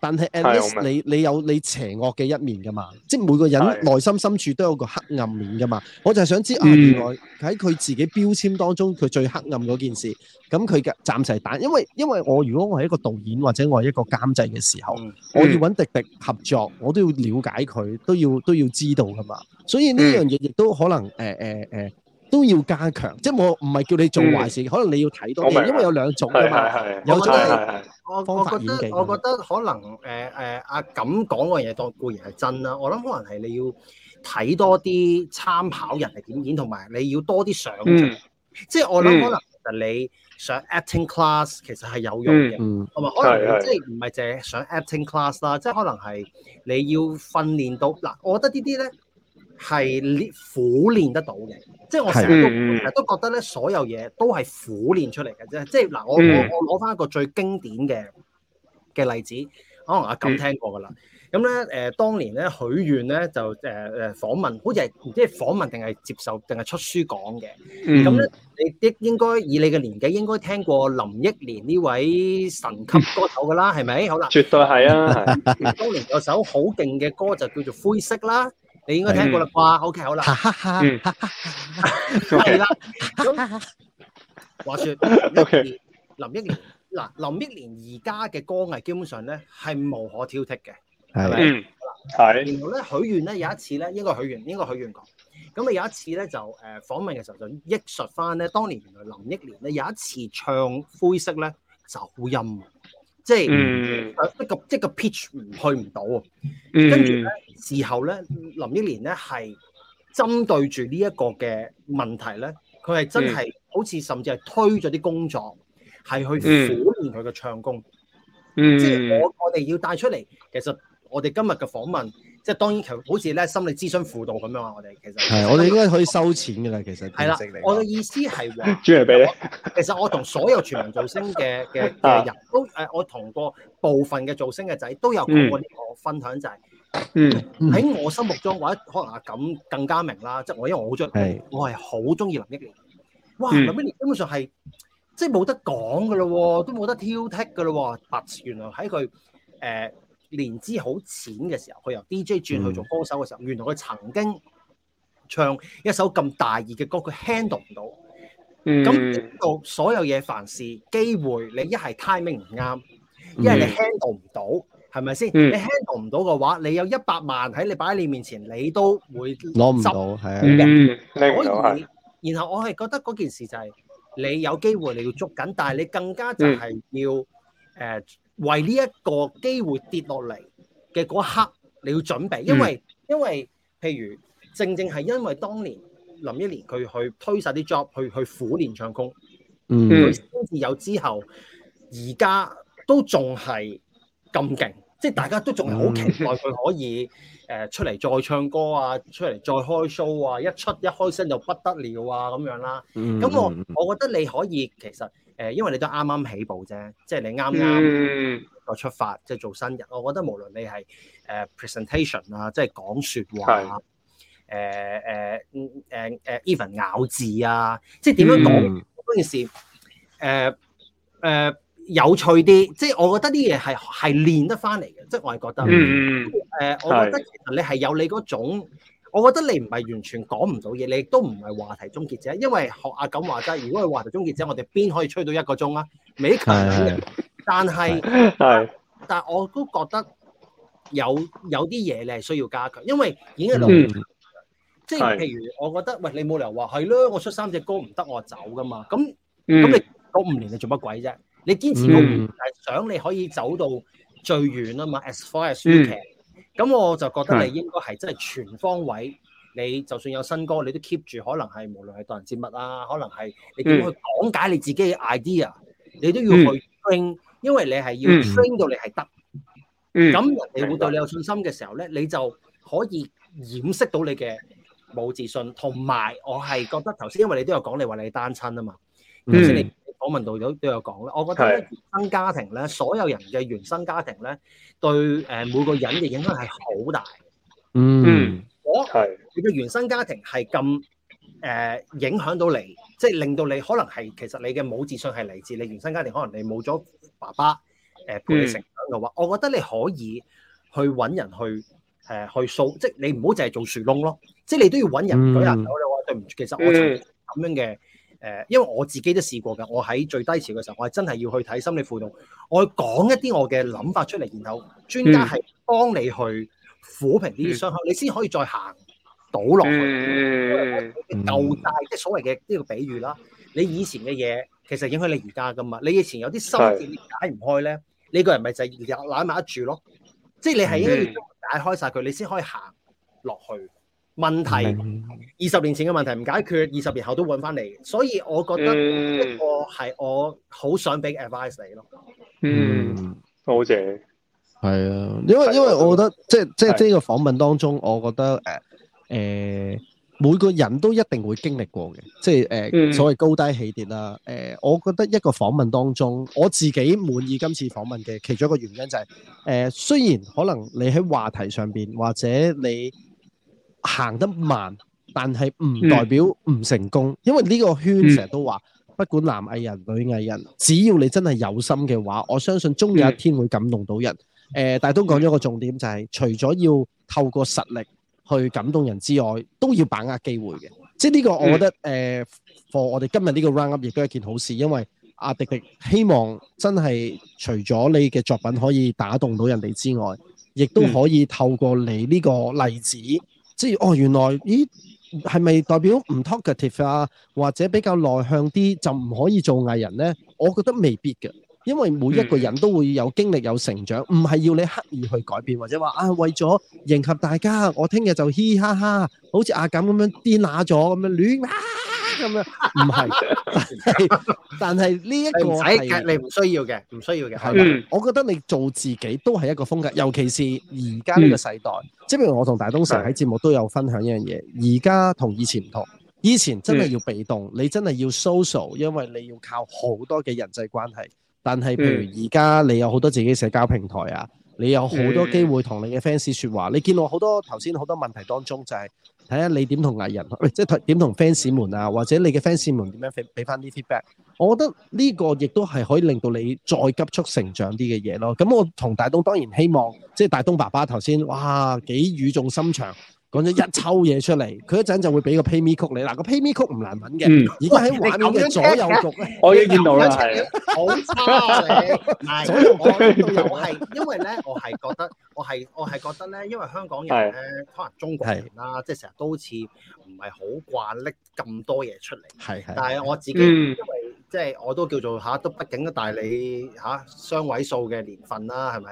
但係你你有你邪惡嘅一面噶嘛？即係每個人內心深處都有個黑暗面噶嘛？我就係想知，嗯、啊，原來喺佢自己標籤當中，佢最黑暗嗰件事，咁佢嘅暫時係打，因為因為我如果我係一個導演或者我係一個監製嘅時候，嗯、我要搵迪迪合作，我都要了解佢，都要都要知道噶嘛。所以呢樣嘢，亦都可能，誒誒誒。呃呃呃呃都要加強，即係我唔係叫你做壞事，嗯、可能你要睇多啲，因為有兩種啊嘛。是是是是有種係我方法演技。我覺得可能誒誒，阿咁講嗰樣嘢當固然係真啦。我諗可能係你要睇多啲參考人係點演，同埋你要多啲、嗯、想像。即係我諗可能其實你上 acting class 其實係有用嘅，同埋、嗯嗯、可能即係唔係淨係上 acting class 啦，即係可能係你要訓練到嗱。我覺得呢啲咧。係你苦練得到嘅，即係我成日都、嗯、都覺得咧，所有嘢都係苦練出嚟嘅啫。即係嗱，我我我攞翻一個最經典嘅嘅例子，可能阿錦聽過噶啦。咁咧、嗯，誒、呃，當年咧許願咧就誒誒、呃、訪問，好似係唔知係訪問定係接受定係出書講嘅。咁咧、嗯，你應應該以你嘅年紀應該聽過林憶蓮呢位神級歌手噶啦，係咪、嗯？好啦，絕對係啊！ *laughs* 當年有首好勁嘅歌就叫做《灰色》啦。你應該聽過啦啩，OK 好啦，係啦。話説 Okay.，林憶蓮嗱，林憶蓮而家嘅歌藝基本上咧係無可挑剔嘅，係咪？係。然後咧許願咧有一次咧，應該許願應該許願講，咁啊有一次咧就誒訪問嘅時候就憶述翻咧，當年原來林憶蓮咧有一次唱灰色咧走音。即係、嗯、一個一個 pitch 唔去唔到啊，跟住咧事後咧林憶蓮咧係針對住呢一個嘅問題咧，佢係真係好似甚至係推咗啲工作係去苦練佢嘅唱功，嗯、即係我我哋要帶出嚟，其實我哋今日嘅訪問。即係當然，其實好似咧心理諮詢輔導咁樣啊！我哋其實係，我哋應該可以收錢㗎啦。其實係啦，我嘅意思係話，專嚟俾咧。其實我同所有全民造星嘅嘅嘅人都誒，我同個部分嘅造星嘅仔都有講過呢個分享，就係喺我心目中，或者可能阿錦更加明啦。即係我因為我好出意，我係好中意林憶蓮。哇，林憶蓮根本上係即係冇得講㗎咯喎，都冇得挑剔㗎咯喎，白原來喺佢誒，年資好淺嘅時候，佢由 DJ 轉去做歌手嘅時候，原來佢曾經唱一首咁大熱嘅歌，佢 handle 唔到。咁做所有嘢，凡事機會，你一係 timing 唔啱，一係你 handle 唔到，係咪先？你 handle 唔到嘅話，你有一百萬喺你擺喺你面前，你都會攞唔到。係啊，嗯，你講係。然後我係覺得嗰件事就係你有機會你要捉緊，但係你更加就係要誒。為呢一個機會跌落嚟嘅嗰刻，你要準備，因為因為譬如正正係因為當年林憶蓮佢去推晒啲 job，去去苦練唱功，嗯，先至、嗯、有之後，而家都仲係咁勁，即係大家都仲係好期待佢可以誒、嗯、出嚟再唱歌啊，出嚟再開 show 啊，一出一開聲就不得了啊咁樣啦、啊，咁我我覺得你可以其實。誒，因為你都啱啱起步啫，即、就、係、是、你啱啱個出發，即係、嗯、做新人。我覺得無論你係誒、uh, presentation 啊，即係講説話、啊，誒誒誒誒 even 咬字啊，嗯、即係點樣講嗰、嗯、件事，誒、uh, 誒、uh, 有趣啲。即係我覺得啲嘢係係練得返嚟嘅，即係我係覺得。嗯，嗯、呃、我覺得其實你係有你嗰種。我覺得你唔係完全講唔到嘢，你亦都唔係話題終結者，因為學阿錦話齋，如果係話題終結者，我哋邊可以吹到一個鐘啊？未強，但係，係，但係我都覺得有有啲嘢你係需要加強，因為已經係六年。即係譬如我覺得，喂，你冇理由話係咯，我出三隻歌唔得，我走㗎嘛？咁咁、嗯、你嗰五年你做乜鬼啫？你堅持五年、嗯、想你可以走到最遠啊嘛？As far as 咁我就覺得你應該係真係全方位，你就算有新歌，你都 keep 住可能係無論係待人接物啊，可能係你點去講解你自己嘅 idea，你都要去 train，因為你係要 train 到你係得。咁人哋會對你有信心嘅時候咧，你就可以掩飾到你嘅冇自信，同埋我係覺得頭先因為你都有講你話你係單親啊嘛，頭先你。我問到有都有講咧，我覺得咧原生家庭咧，所有人嘅原生家庭咧，對誒每個人嘅影響係好大嘅。嗯、mm，我、hmm. 你嘅原生家庭係咁誒影響到你，即係令到你可能係其實你嘅冇自信係嚟自你原生家庭，可能你冇咗爸爸誒陪你成長嘅話，mm hmm. 我覺得你可以去揾人去誒、呃、去掃，即係你唔好淨係做樹窿咯，即係你都要揾人人。我哋話對唔住，其實我曾經咁樣嘅。誒，因為我自己都試過嘅，我喺最低潮嘅時候，我係真係要去睇心理輔導，我講一啲我嘅諗法出嚟，然後專家係幫你去撫平呢啲傷口，嗯、你先可以再行倒落去。夠大、嗯嗯，即係所謂嘅呢個比喻啦。你以前嘅嘢其實影響你而家㗎嘛，你以前有啲心結解唔開咧，是你個人咪就係扭攬埋一住咯。即係你係應該要解開晒佢，你先可以行落去。嗯嗯嗯問題二十年前嘅問題唔解決，二十年後都搵返嚟，所以我覺得呢個係我好想俾 advice 你咯 ad。嗯，多、嗯、謝，謝。係啊，因為的因為我覺得的即係即係呢個訪問當中，的我覺得誒誒、呃、每個人都一定會經歷過嘅，即係誒、呃嗯、所謂高低起跌啦。誒、呃，我覺得一個訪問當中，我自己滿意今次訪問嘅其中一個原因就係、是、誒、呃，雖然可能你喺話題上邊或者你。行得慢，但係唔代表唔成功，嗯、因為呢個圈成日都話，嗯、不管男藝人、女藝人，只要你真係有心嘅話，我相信終有一天會感動到人。誒、嗯呃，但都講咗個重點就係、是，除咗要透過實力去感動人之外，都要把握機會嘅。即係呢個，我覺得誒，for、嗯呃、我哋今日呢個 round up 亦都係一件好事，因為阿、啊、迪迪希望真係除咗你嘅作品可以打動到人哋之外，亦都可以透過你呢個例子。即係哦，原來咦係咪代表唔 talkative 啊，或者比較內向啲就唔可以做藝人咧？我覺得未必嘅，因為每一個人都會有經歷有成長，唔係要你刻意去改變，或者話啊為咗迎合大家，我聽日就嘻嘻哈哈，好似阿錦咁樣癲乸咗咁樣亂，亂啊咁樣唔係，但係呢一個係 *laughs* 你唔需要嘅，唔需要嘅。係吧，嗯、我覺得你做自己都係一個風格，尤其是而家呢個世代。即係譬如我同大東成喺節目都有分享一樣嘢。而家同以前唔同，以前真係要被動，嗯、你真係要 social，因為你要靠好多嘅人際關係。但係譬如而家，你有好多自己社交平台啊，你有好多機會同你嘅 fans 說話。你見到好多頭先好多問題當中就係、是。睇下你點同藝人，喂，即係點同 fans 們或者你嘅 fans 們點樣俾俾返啲 feedback？我覺得呢個亦都係可以令到你再急速成長啲嘅嘢咯。咁我同大東當然希望，即係大東爸爸頭先，哇，幾語重心長。講咗一抽嘢出嚟，佢一陣就會俾個 PayMe 曲你。嗱、個 PayMe 曲唔難揾嘅，如果喺畫面嘅左右角咧，我已經見到啦，好 *laughs* 差 *laughs* *laughs* 你，唔係我，我係因為咧，我係覺得我係我係覺得咧，因為香港人咧， *laughs* 可能中國人啦、啊，的即係成日都好似唔係好慣拎咁多嘢出嚟，係係的，但係我自己。即係我都叫做嚇，都畢竟都大你嚇、啊、雙位數嘅年份啦，係咪？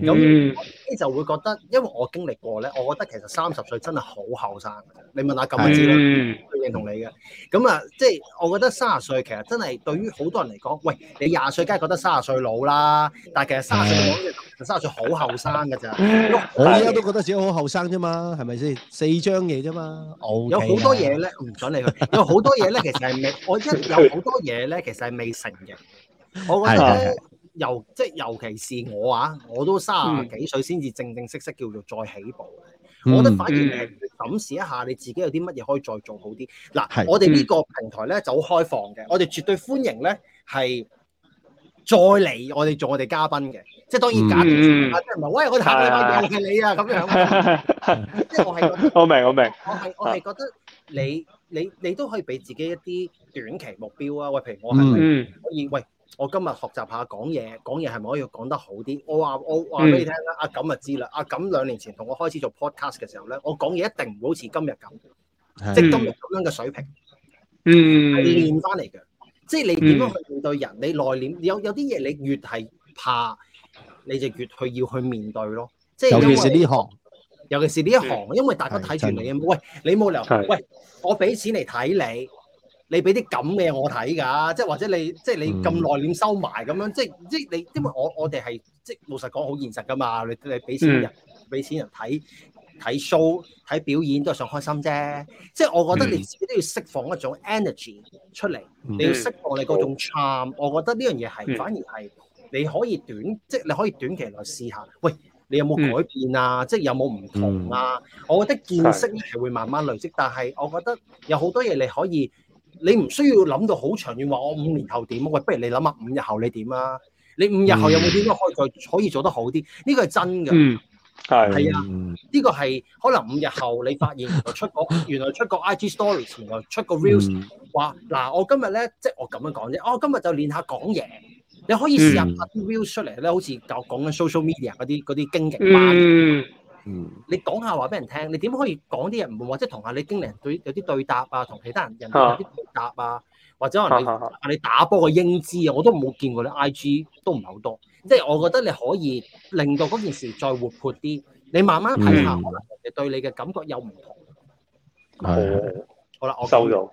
咁呢、嗯、就會覺得，因為我經歷過咧，我覺得其實三十歲真係好後生。你問下咁嘅資歷，佢、嗯、認同你嘅。咁啊，即係我覺得三十歲其實真係對於好多人嚟講，喂，你廿歲梗係覺得三十歲老啦，但係其實三十歲。嗯嗯三十歲好後生嘅咋，而我而家都覺得自己好後生啫嘛，係咪先？四張嘢啫嘛，有好多嘢咧唔准你去，有好多嘢咧，其實係未，我一有好多嘢咧，其實係未成形。我覺得由即係尤其是我啊，我都三十幾歲先至正正式式叫做再起步嘅。嗯、我都發現，係審視一下你自己有啲乜嘢可以再做好啲。嗱的，我哋呢個平台咧就好開放嘅，我哋絕對歡迎咧係再嚟我哋做我哋嘉賓嘅。即係當然假嘅，即係唔係喂？我睇你係你啊咁樣，樣，即係我係 *laughs* 我明我明，我係我係覺得你你你都可以俾自己一啲短期目標啊。喂，譬如我係唔、嗯、可以喂我今日學習下講嘢，講嘢係咪可以講得好啲？我話我話俾你聽啦，阿咁、嗯啊、就知啦，阿、啊、咁兩年前同我開始做 podcast 嘅時候咧，我講嘢一定唔會好似今日咁，即係、嗯、今日咁樣嘅水平，嗯，係練翻嚟嘅。即係你點樣去面對人？你內斂有有啲嘢，你，你，你越係怕。你就越去要去面對咯，即係尤其是呢行，尤其是呢一行，因為大家睇住你啊，嗯、喂，你冇理由。其喂，我俾錢嚟睇你，你俾啲咁嘅我睇㗎，即係或者你即係你咁內斂收埋咁樣，即係即係你，因為我我哋係即係老實講好現實㗎嘛，你你俾錢人俾、嗯、錢人睇睇 show 睇表演都係想開心啫，即係我覺得你自己都要釋放一種 energy 出嚟，你要釋放你嗰種 charm，嗯、我覺得呢樣嘢係反而係。你可以短，即係你可以短期內試下。喂，你有冇改變啊？即係有冇唔同啊？我覺得見識咧係會慢慢累積，但係我覺得有好多嘢你可以，你唔需要諗到好長遠。話我五年後點？喂，不如你諗下五日後你點啊？你五日後有冇點樣可以再可以做得好啲？呢個係真㗎。嗯，係。係啊，呢個係可能五日後你發現出個原來出個 IG Stories，原來出個 Reels 嘩，嗱，我今日咧即係我咁樣講啫。我今日就練下講嘢。你可以試下啲 video 出嚟咧，好似就講緊 social media 嗰啲嗰啲經營班、嗯嗯，你講下話俾人聽，你點可以講啲人唔話，即係同下你經理人對有啲對答啊，同其他人人有啲對答啊，啊或者話你話你打波嘅英姿啊，啊啊我都冇見過你 IG 都唔係好多，即係我覺得你可以令到嗰件事再活潑啲，你慢慢睇下，可能人哋對你嘅感覺又唔同，係、嗯，好啦，我收咗。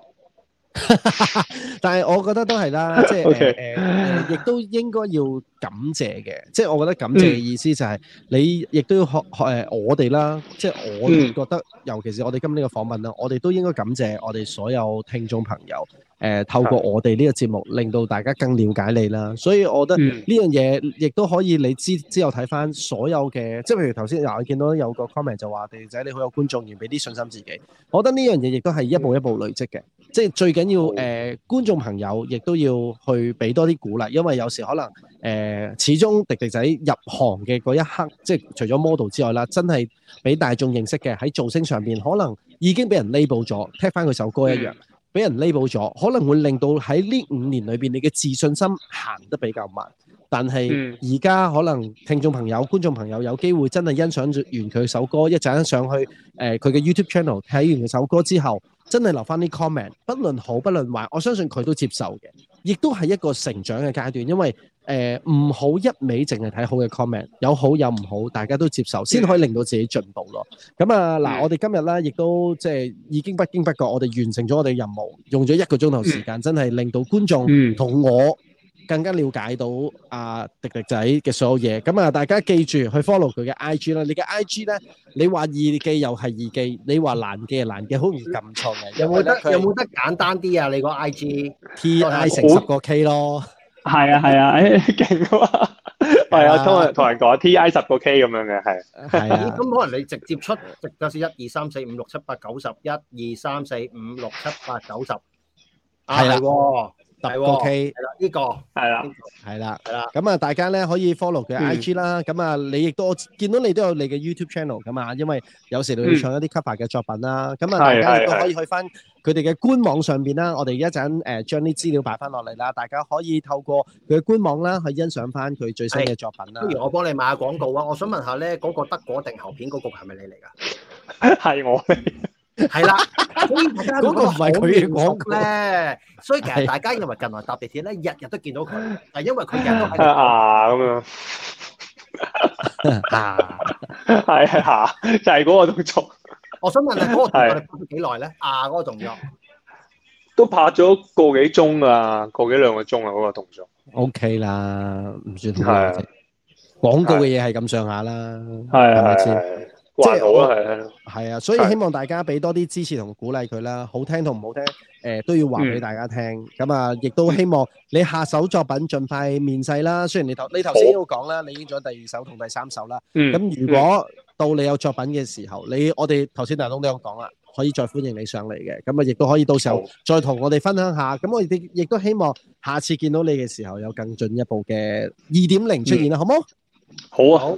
*laughs* 但係我覺得都係啦，即係亦都應該要感謝嘅。即、就、係、是、我覺得感謝嘅意思就係你亦都要學誒，學我哋啦，即、就、係、是、我覺得，尤其是我哋今日嘅訪問啦，嗯、我哋都應該感謝我哋所有聽眾朋友。誒、呃，透過我哋呢個節目，令到大家更了解你啦。的所以我覺得呢樣嘢，亦都可以你之之後睇翻所有嘅，即係、嗯、譬如頭先我見到有個 comment 就話，地仔你好有觀眾緣，俾啲信心自己。我覺得呢樣嘢亦都係一步一步累積嘅。嗯即係最緊要誒、呃，觀眾朋友亦都要去俾多啲鼓勵，因為有時可能誒、呃，始終迪迪仔入行嘅嗰一刻，即係除咗 model 之外啦，真係俾大眾認識嘅喺造星上邊，可能已經俾人 label 咗，聽翻佢首歌一樣，俾、嗯、人 label 咗，可能會令到喺呢五年裏邊，你嘅自信心行得比較慢。但係而家可能聽眾朋友、觀眾朋友有機會真係欣賞完佢首歌，一陣上去誒佢、呃、嘅 YouTube channel 睇完佢首歌之後。真係留翻啲 comment，不論好不論壞，我相信佢都接受嘅，亦都係一個成長嘅階段。因為誒唔好一味淨係睇好嘅 comment，有好有唔好，大家都接受先可以令到自己進步咯。咁啊嗱，我哋今日咧亦都即係已經不經不覺，我哋完成咗我哋嘅任務，用咗一個鐘頭時間，真係令到觀眾同我更加了解到阿迪迪仔嘅所有嘢，咁啊大家記住去 follow 佢嘅 IG 啦。你嘅 IG 咧，你話易記又係易記，你話難記又難記，好唔易撳錯嘅。有冇得有冇得簡單啲啊？你個 IG？T I 成十個 K 咯。係啊係啊，誒勁啊！係啊，同人同人講 T I 十個 K 咁樣嘅係。係啊，咁可能你直接出，即係先一二三四五六七八九十，一二三四五六七八九十，係喎。係個 K，係啦呢個，係啦，係啦，係啦。咁啊，大家咧可以 follow 佢 IG 啦。咁啊，你亦都見到你都有你嘅 YouTube channel，咁啊，因為有時你要唱一啲 cover 嘅作品啦。咁啊，大家亦都可以去翻佢哋嘅官網上邊啦。我哋一陣誒將啲資料擺翻落嚟啦，大家可以透過佢嘅官網啦去欣賞翻佢最新嘅作品啦。不如我幫你買下廣告啊！我想問下咧，嗰個德國定後片嗰個係咪你嚟㗎？係我。係啦，嗰個唔係佢嘅動作咧，所以其實大家因為近來搭地鐵咧，日日都見到佢，但係因為佢嘅係啊咁樣啊，係啊吓，就係嗰個動作。我想問下嗰個我哋拍咗幾耐咧？啊，嗰個動作都拍咗個幾鐘啊，個幾兩個鐘啊，嗰個動作。OK 啦，唔算多。係廣告嘅嘢係咁上下啦，係咪先？即係好啊，係啊的，係啊，所以希望大家俾多啲支持同鼓勵佢啦。好聽同唔好聽，誒、呃、都要話俾大家聽。咁啊、嗯，亦都希望你下首作品盡快面世啦。雖然你頭你頭先都講啦，好你已經做咗第二首同第三首啦。咁、嗯、如果到你有作品嘅時候，你我哋頭先大東都有講啦，可以再歡迎你上嚟嘅。咁啊，亦都可以到時候再同我哋分享下。咁好我哋亦都希望下次見到你嘅時候有更進一步嘅二點零出現啦，嗯、好冇嗎？好啊，好。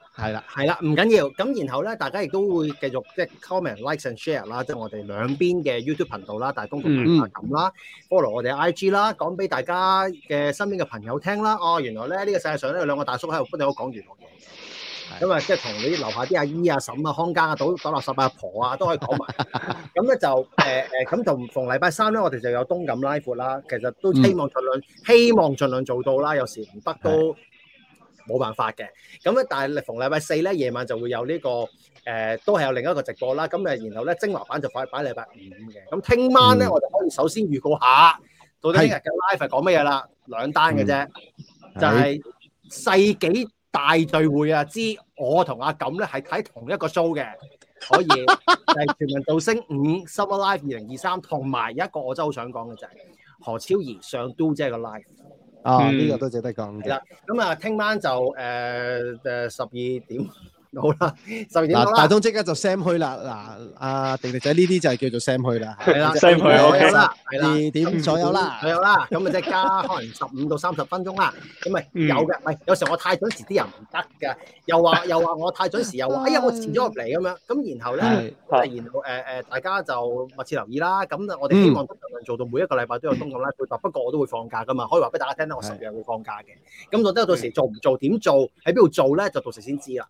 係啦，係啦，唔緊要。咁然後咧，大家亦都會繼續即係 comment、likes and share 啦，即係我哋兩邊嘅 YouTube 頻道啦，大東同大亞錦啦，follow 我哋 IG 啦，講俾大家嘅身邊嘅朋友聽啦。哦，原來咧呢個世界上咧有兩個大叔喺度不斷咁講娛樂嘅嘢，咁啊即係同你樓下啲阿姨、阿嬸啊、看家啊、倒倒垃圾啊、婆啊都可以講埋。咁咧就誒誒，咁同逢禮拜三咧，我哋就有東感拉闊啦。嗯、其實都希望儘量希望儘量做到啦，有時唔得都。冇辦法嘅，咁咧，但係逢禮拜四咧夜晚就會有呢、這個誒、呃，都係有另一個直播啦。咁誒，然後咧精華版就放喺禮拜五嘅。咁聽晚咧，嗯、我哋可以首先預告下，到底今日嘅 live 係講乜嘢啦？兩單嘅啫，嗯、就係世紀大聚會啊！知我同阿錦咧係睇同一個 show 嘅，可以就係全民造星五 summer live 二零二三，同埋一個我真係好想講嘅就係何超儀上 Do 姐嘅 live。啊！呢、oh, mm. 個都值得講嘅。嗱，咁聽晚就十二、uh, 點。 *laughs* 好啦，十二點大通即刻就 sam 去、啊、啦。嗱， *laughs* 阿禮迪仔呢啲就係叫做 sam 去啦。係啦，sam 去 O K 啦。係啦，二點左右啦， *laughs* 左右啦。咁啊， *laughs* 即係加可能十五到三十分鐘啦。咁咪、嗯、有嘅，咪有時候我太準時啲人唔得嘅，又話又話我太準時，又話哎呀我遲咗入嚟咁樣。咁然後咧，然後誒誒，大家就密切留意啦。咁我哋希望做到每一個禮拜都有東感拉闊啦，不過我都會放假噶嘛，可以話俾大家聽咧，我十日會放假嘅。咁我等下到時做唔做，點做，喺邊度做咧，就到時先知啦。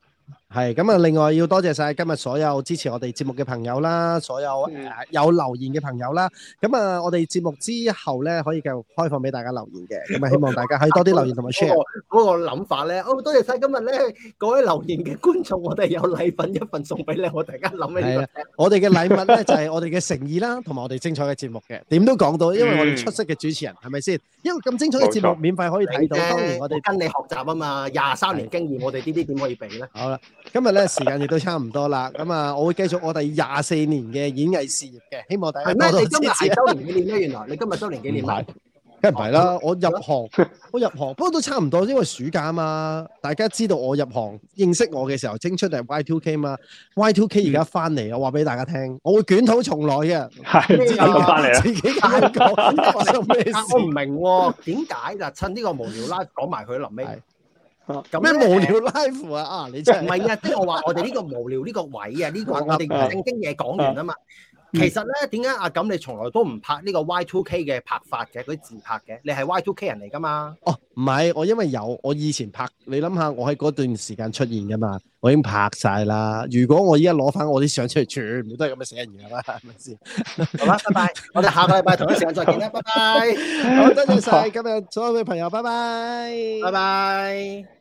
係咁啊！另外要多謝晒今日所有支持我哋節目嘅朋友啦，所有誒有留言嘅朋友啦。咁啊，我哋節目之後咧可以繼續開放俾大家留言嘅。咁啊，希望大家可以多啲留言同埋 share 嗰個諗法咧。哦，多謝晒今日咧各位留言嘅觀眾，我哋有禮品一份送俾你，我大家諗起。我哋嘅禮物咧就係我哋嘅誠意啦，同埋我哋精彩嘅節目嘅。點都講到，因為我哋出色嘅主持人係咪先？因為咁精彩嘅節目免費可以睇到，當然我哋跟你學習啊嘛，廿三年經驗，我哋呢啲點可以俾咧？好啦。今日咧時間亦都差唔多啦，咁啊我會繼續我哋廿四年嘅演藝事業嘅，希望大家。咩？你今日係周年紀念咩？原來你今日周年紀念？唔係，梗係唔係啦。我入行，我入行，不過都差唔多，因為暑假嘛。大家知道我入行，認識我嘅時候，青春係 Y Two K 嘛。Y Two K 而家翻嚟，我話俾大家聽，我會捲土重來嘅。係自己翻嚟啊！自己講，咩我唔明，點解就趁呢個無聊啦，講埋佢臨尾。咩無聊 life 啊？啊，你真係唔係 *laughs* 啊！即係我話我哋呢個無聊呢個位啊，呢個我哋正經嘢講完啊嘛。其實咧，點解阿錦你從來都唔拍呢個 Y2K 嘅拍法嘅嗰啲自拍嘅，你係 Y2K 人嚟㗎嘛？哦，唔係，我因為有我以前拍，你諗下，我喺嗰段時間出現㗎嘛，我已經拍晒啦。如果我依家攞翻我啲相出嚟，全部都係咁嘅死人嘢啦，係咪先？ *laughs* 好啦，拜拜， *laughs* 我哋下個禮拜同一時間再見啦，拜拜。 *laughs* 好多謝曬今日所有嘅朋友，拜拜，拜拜。拜拜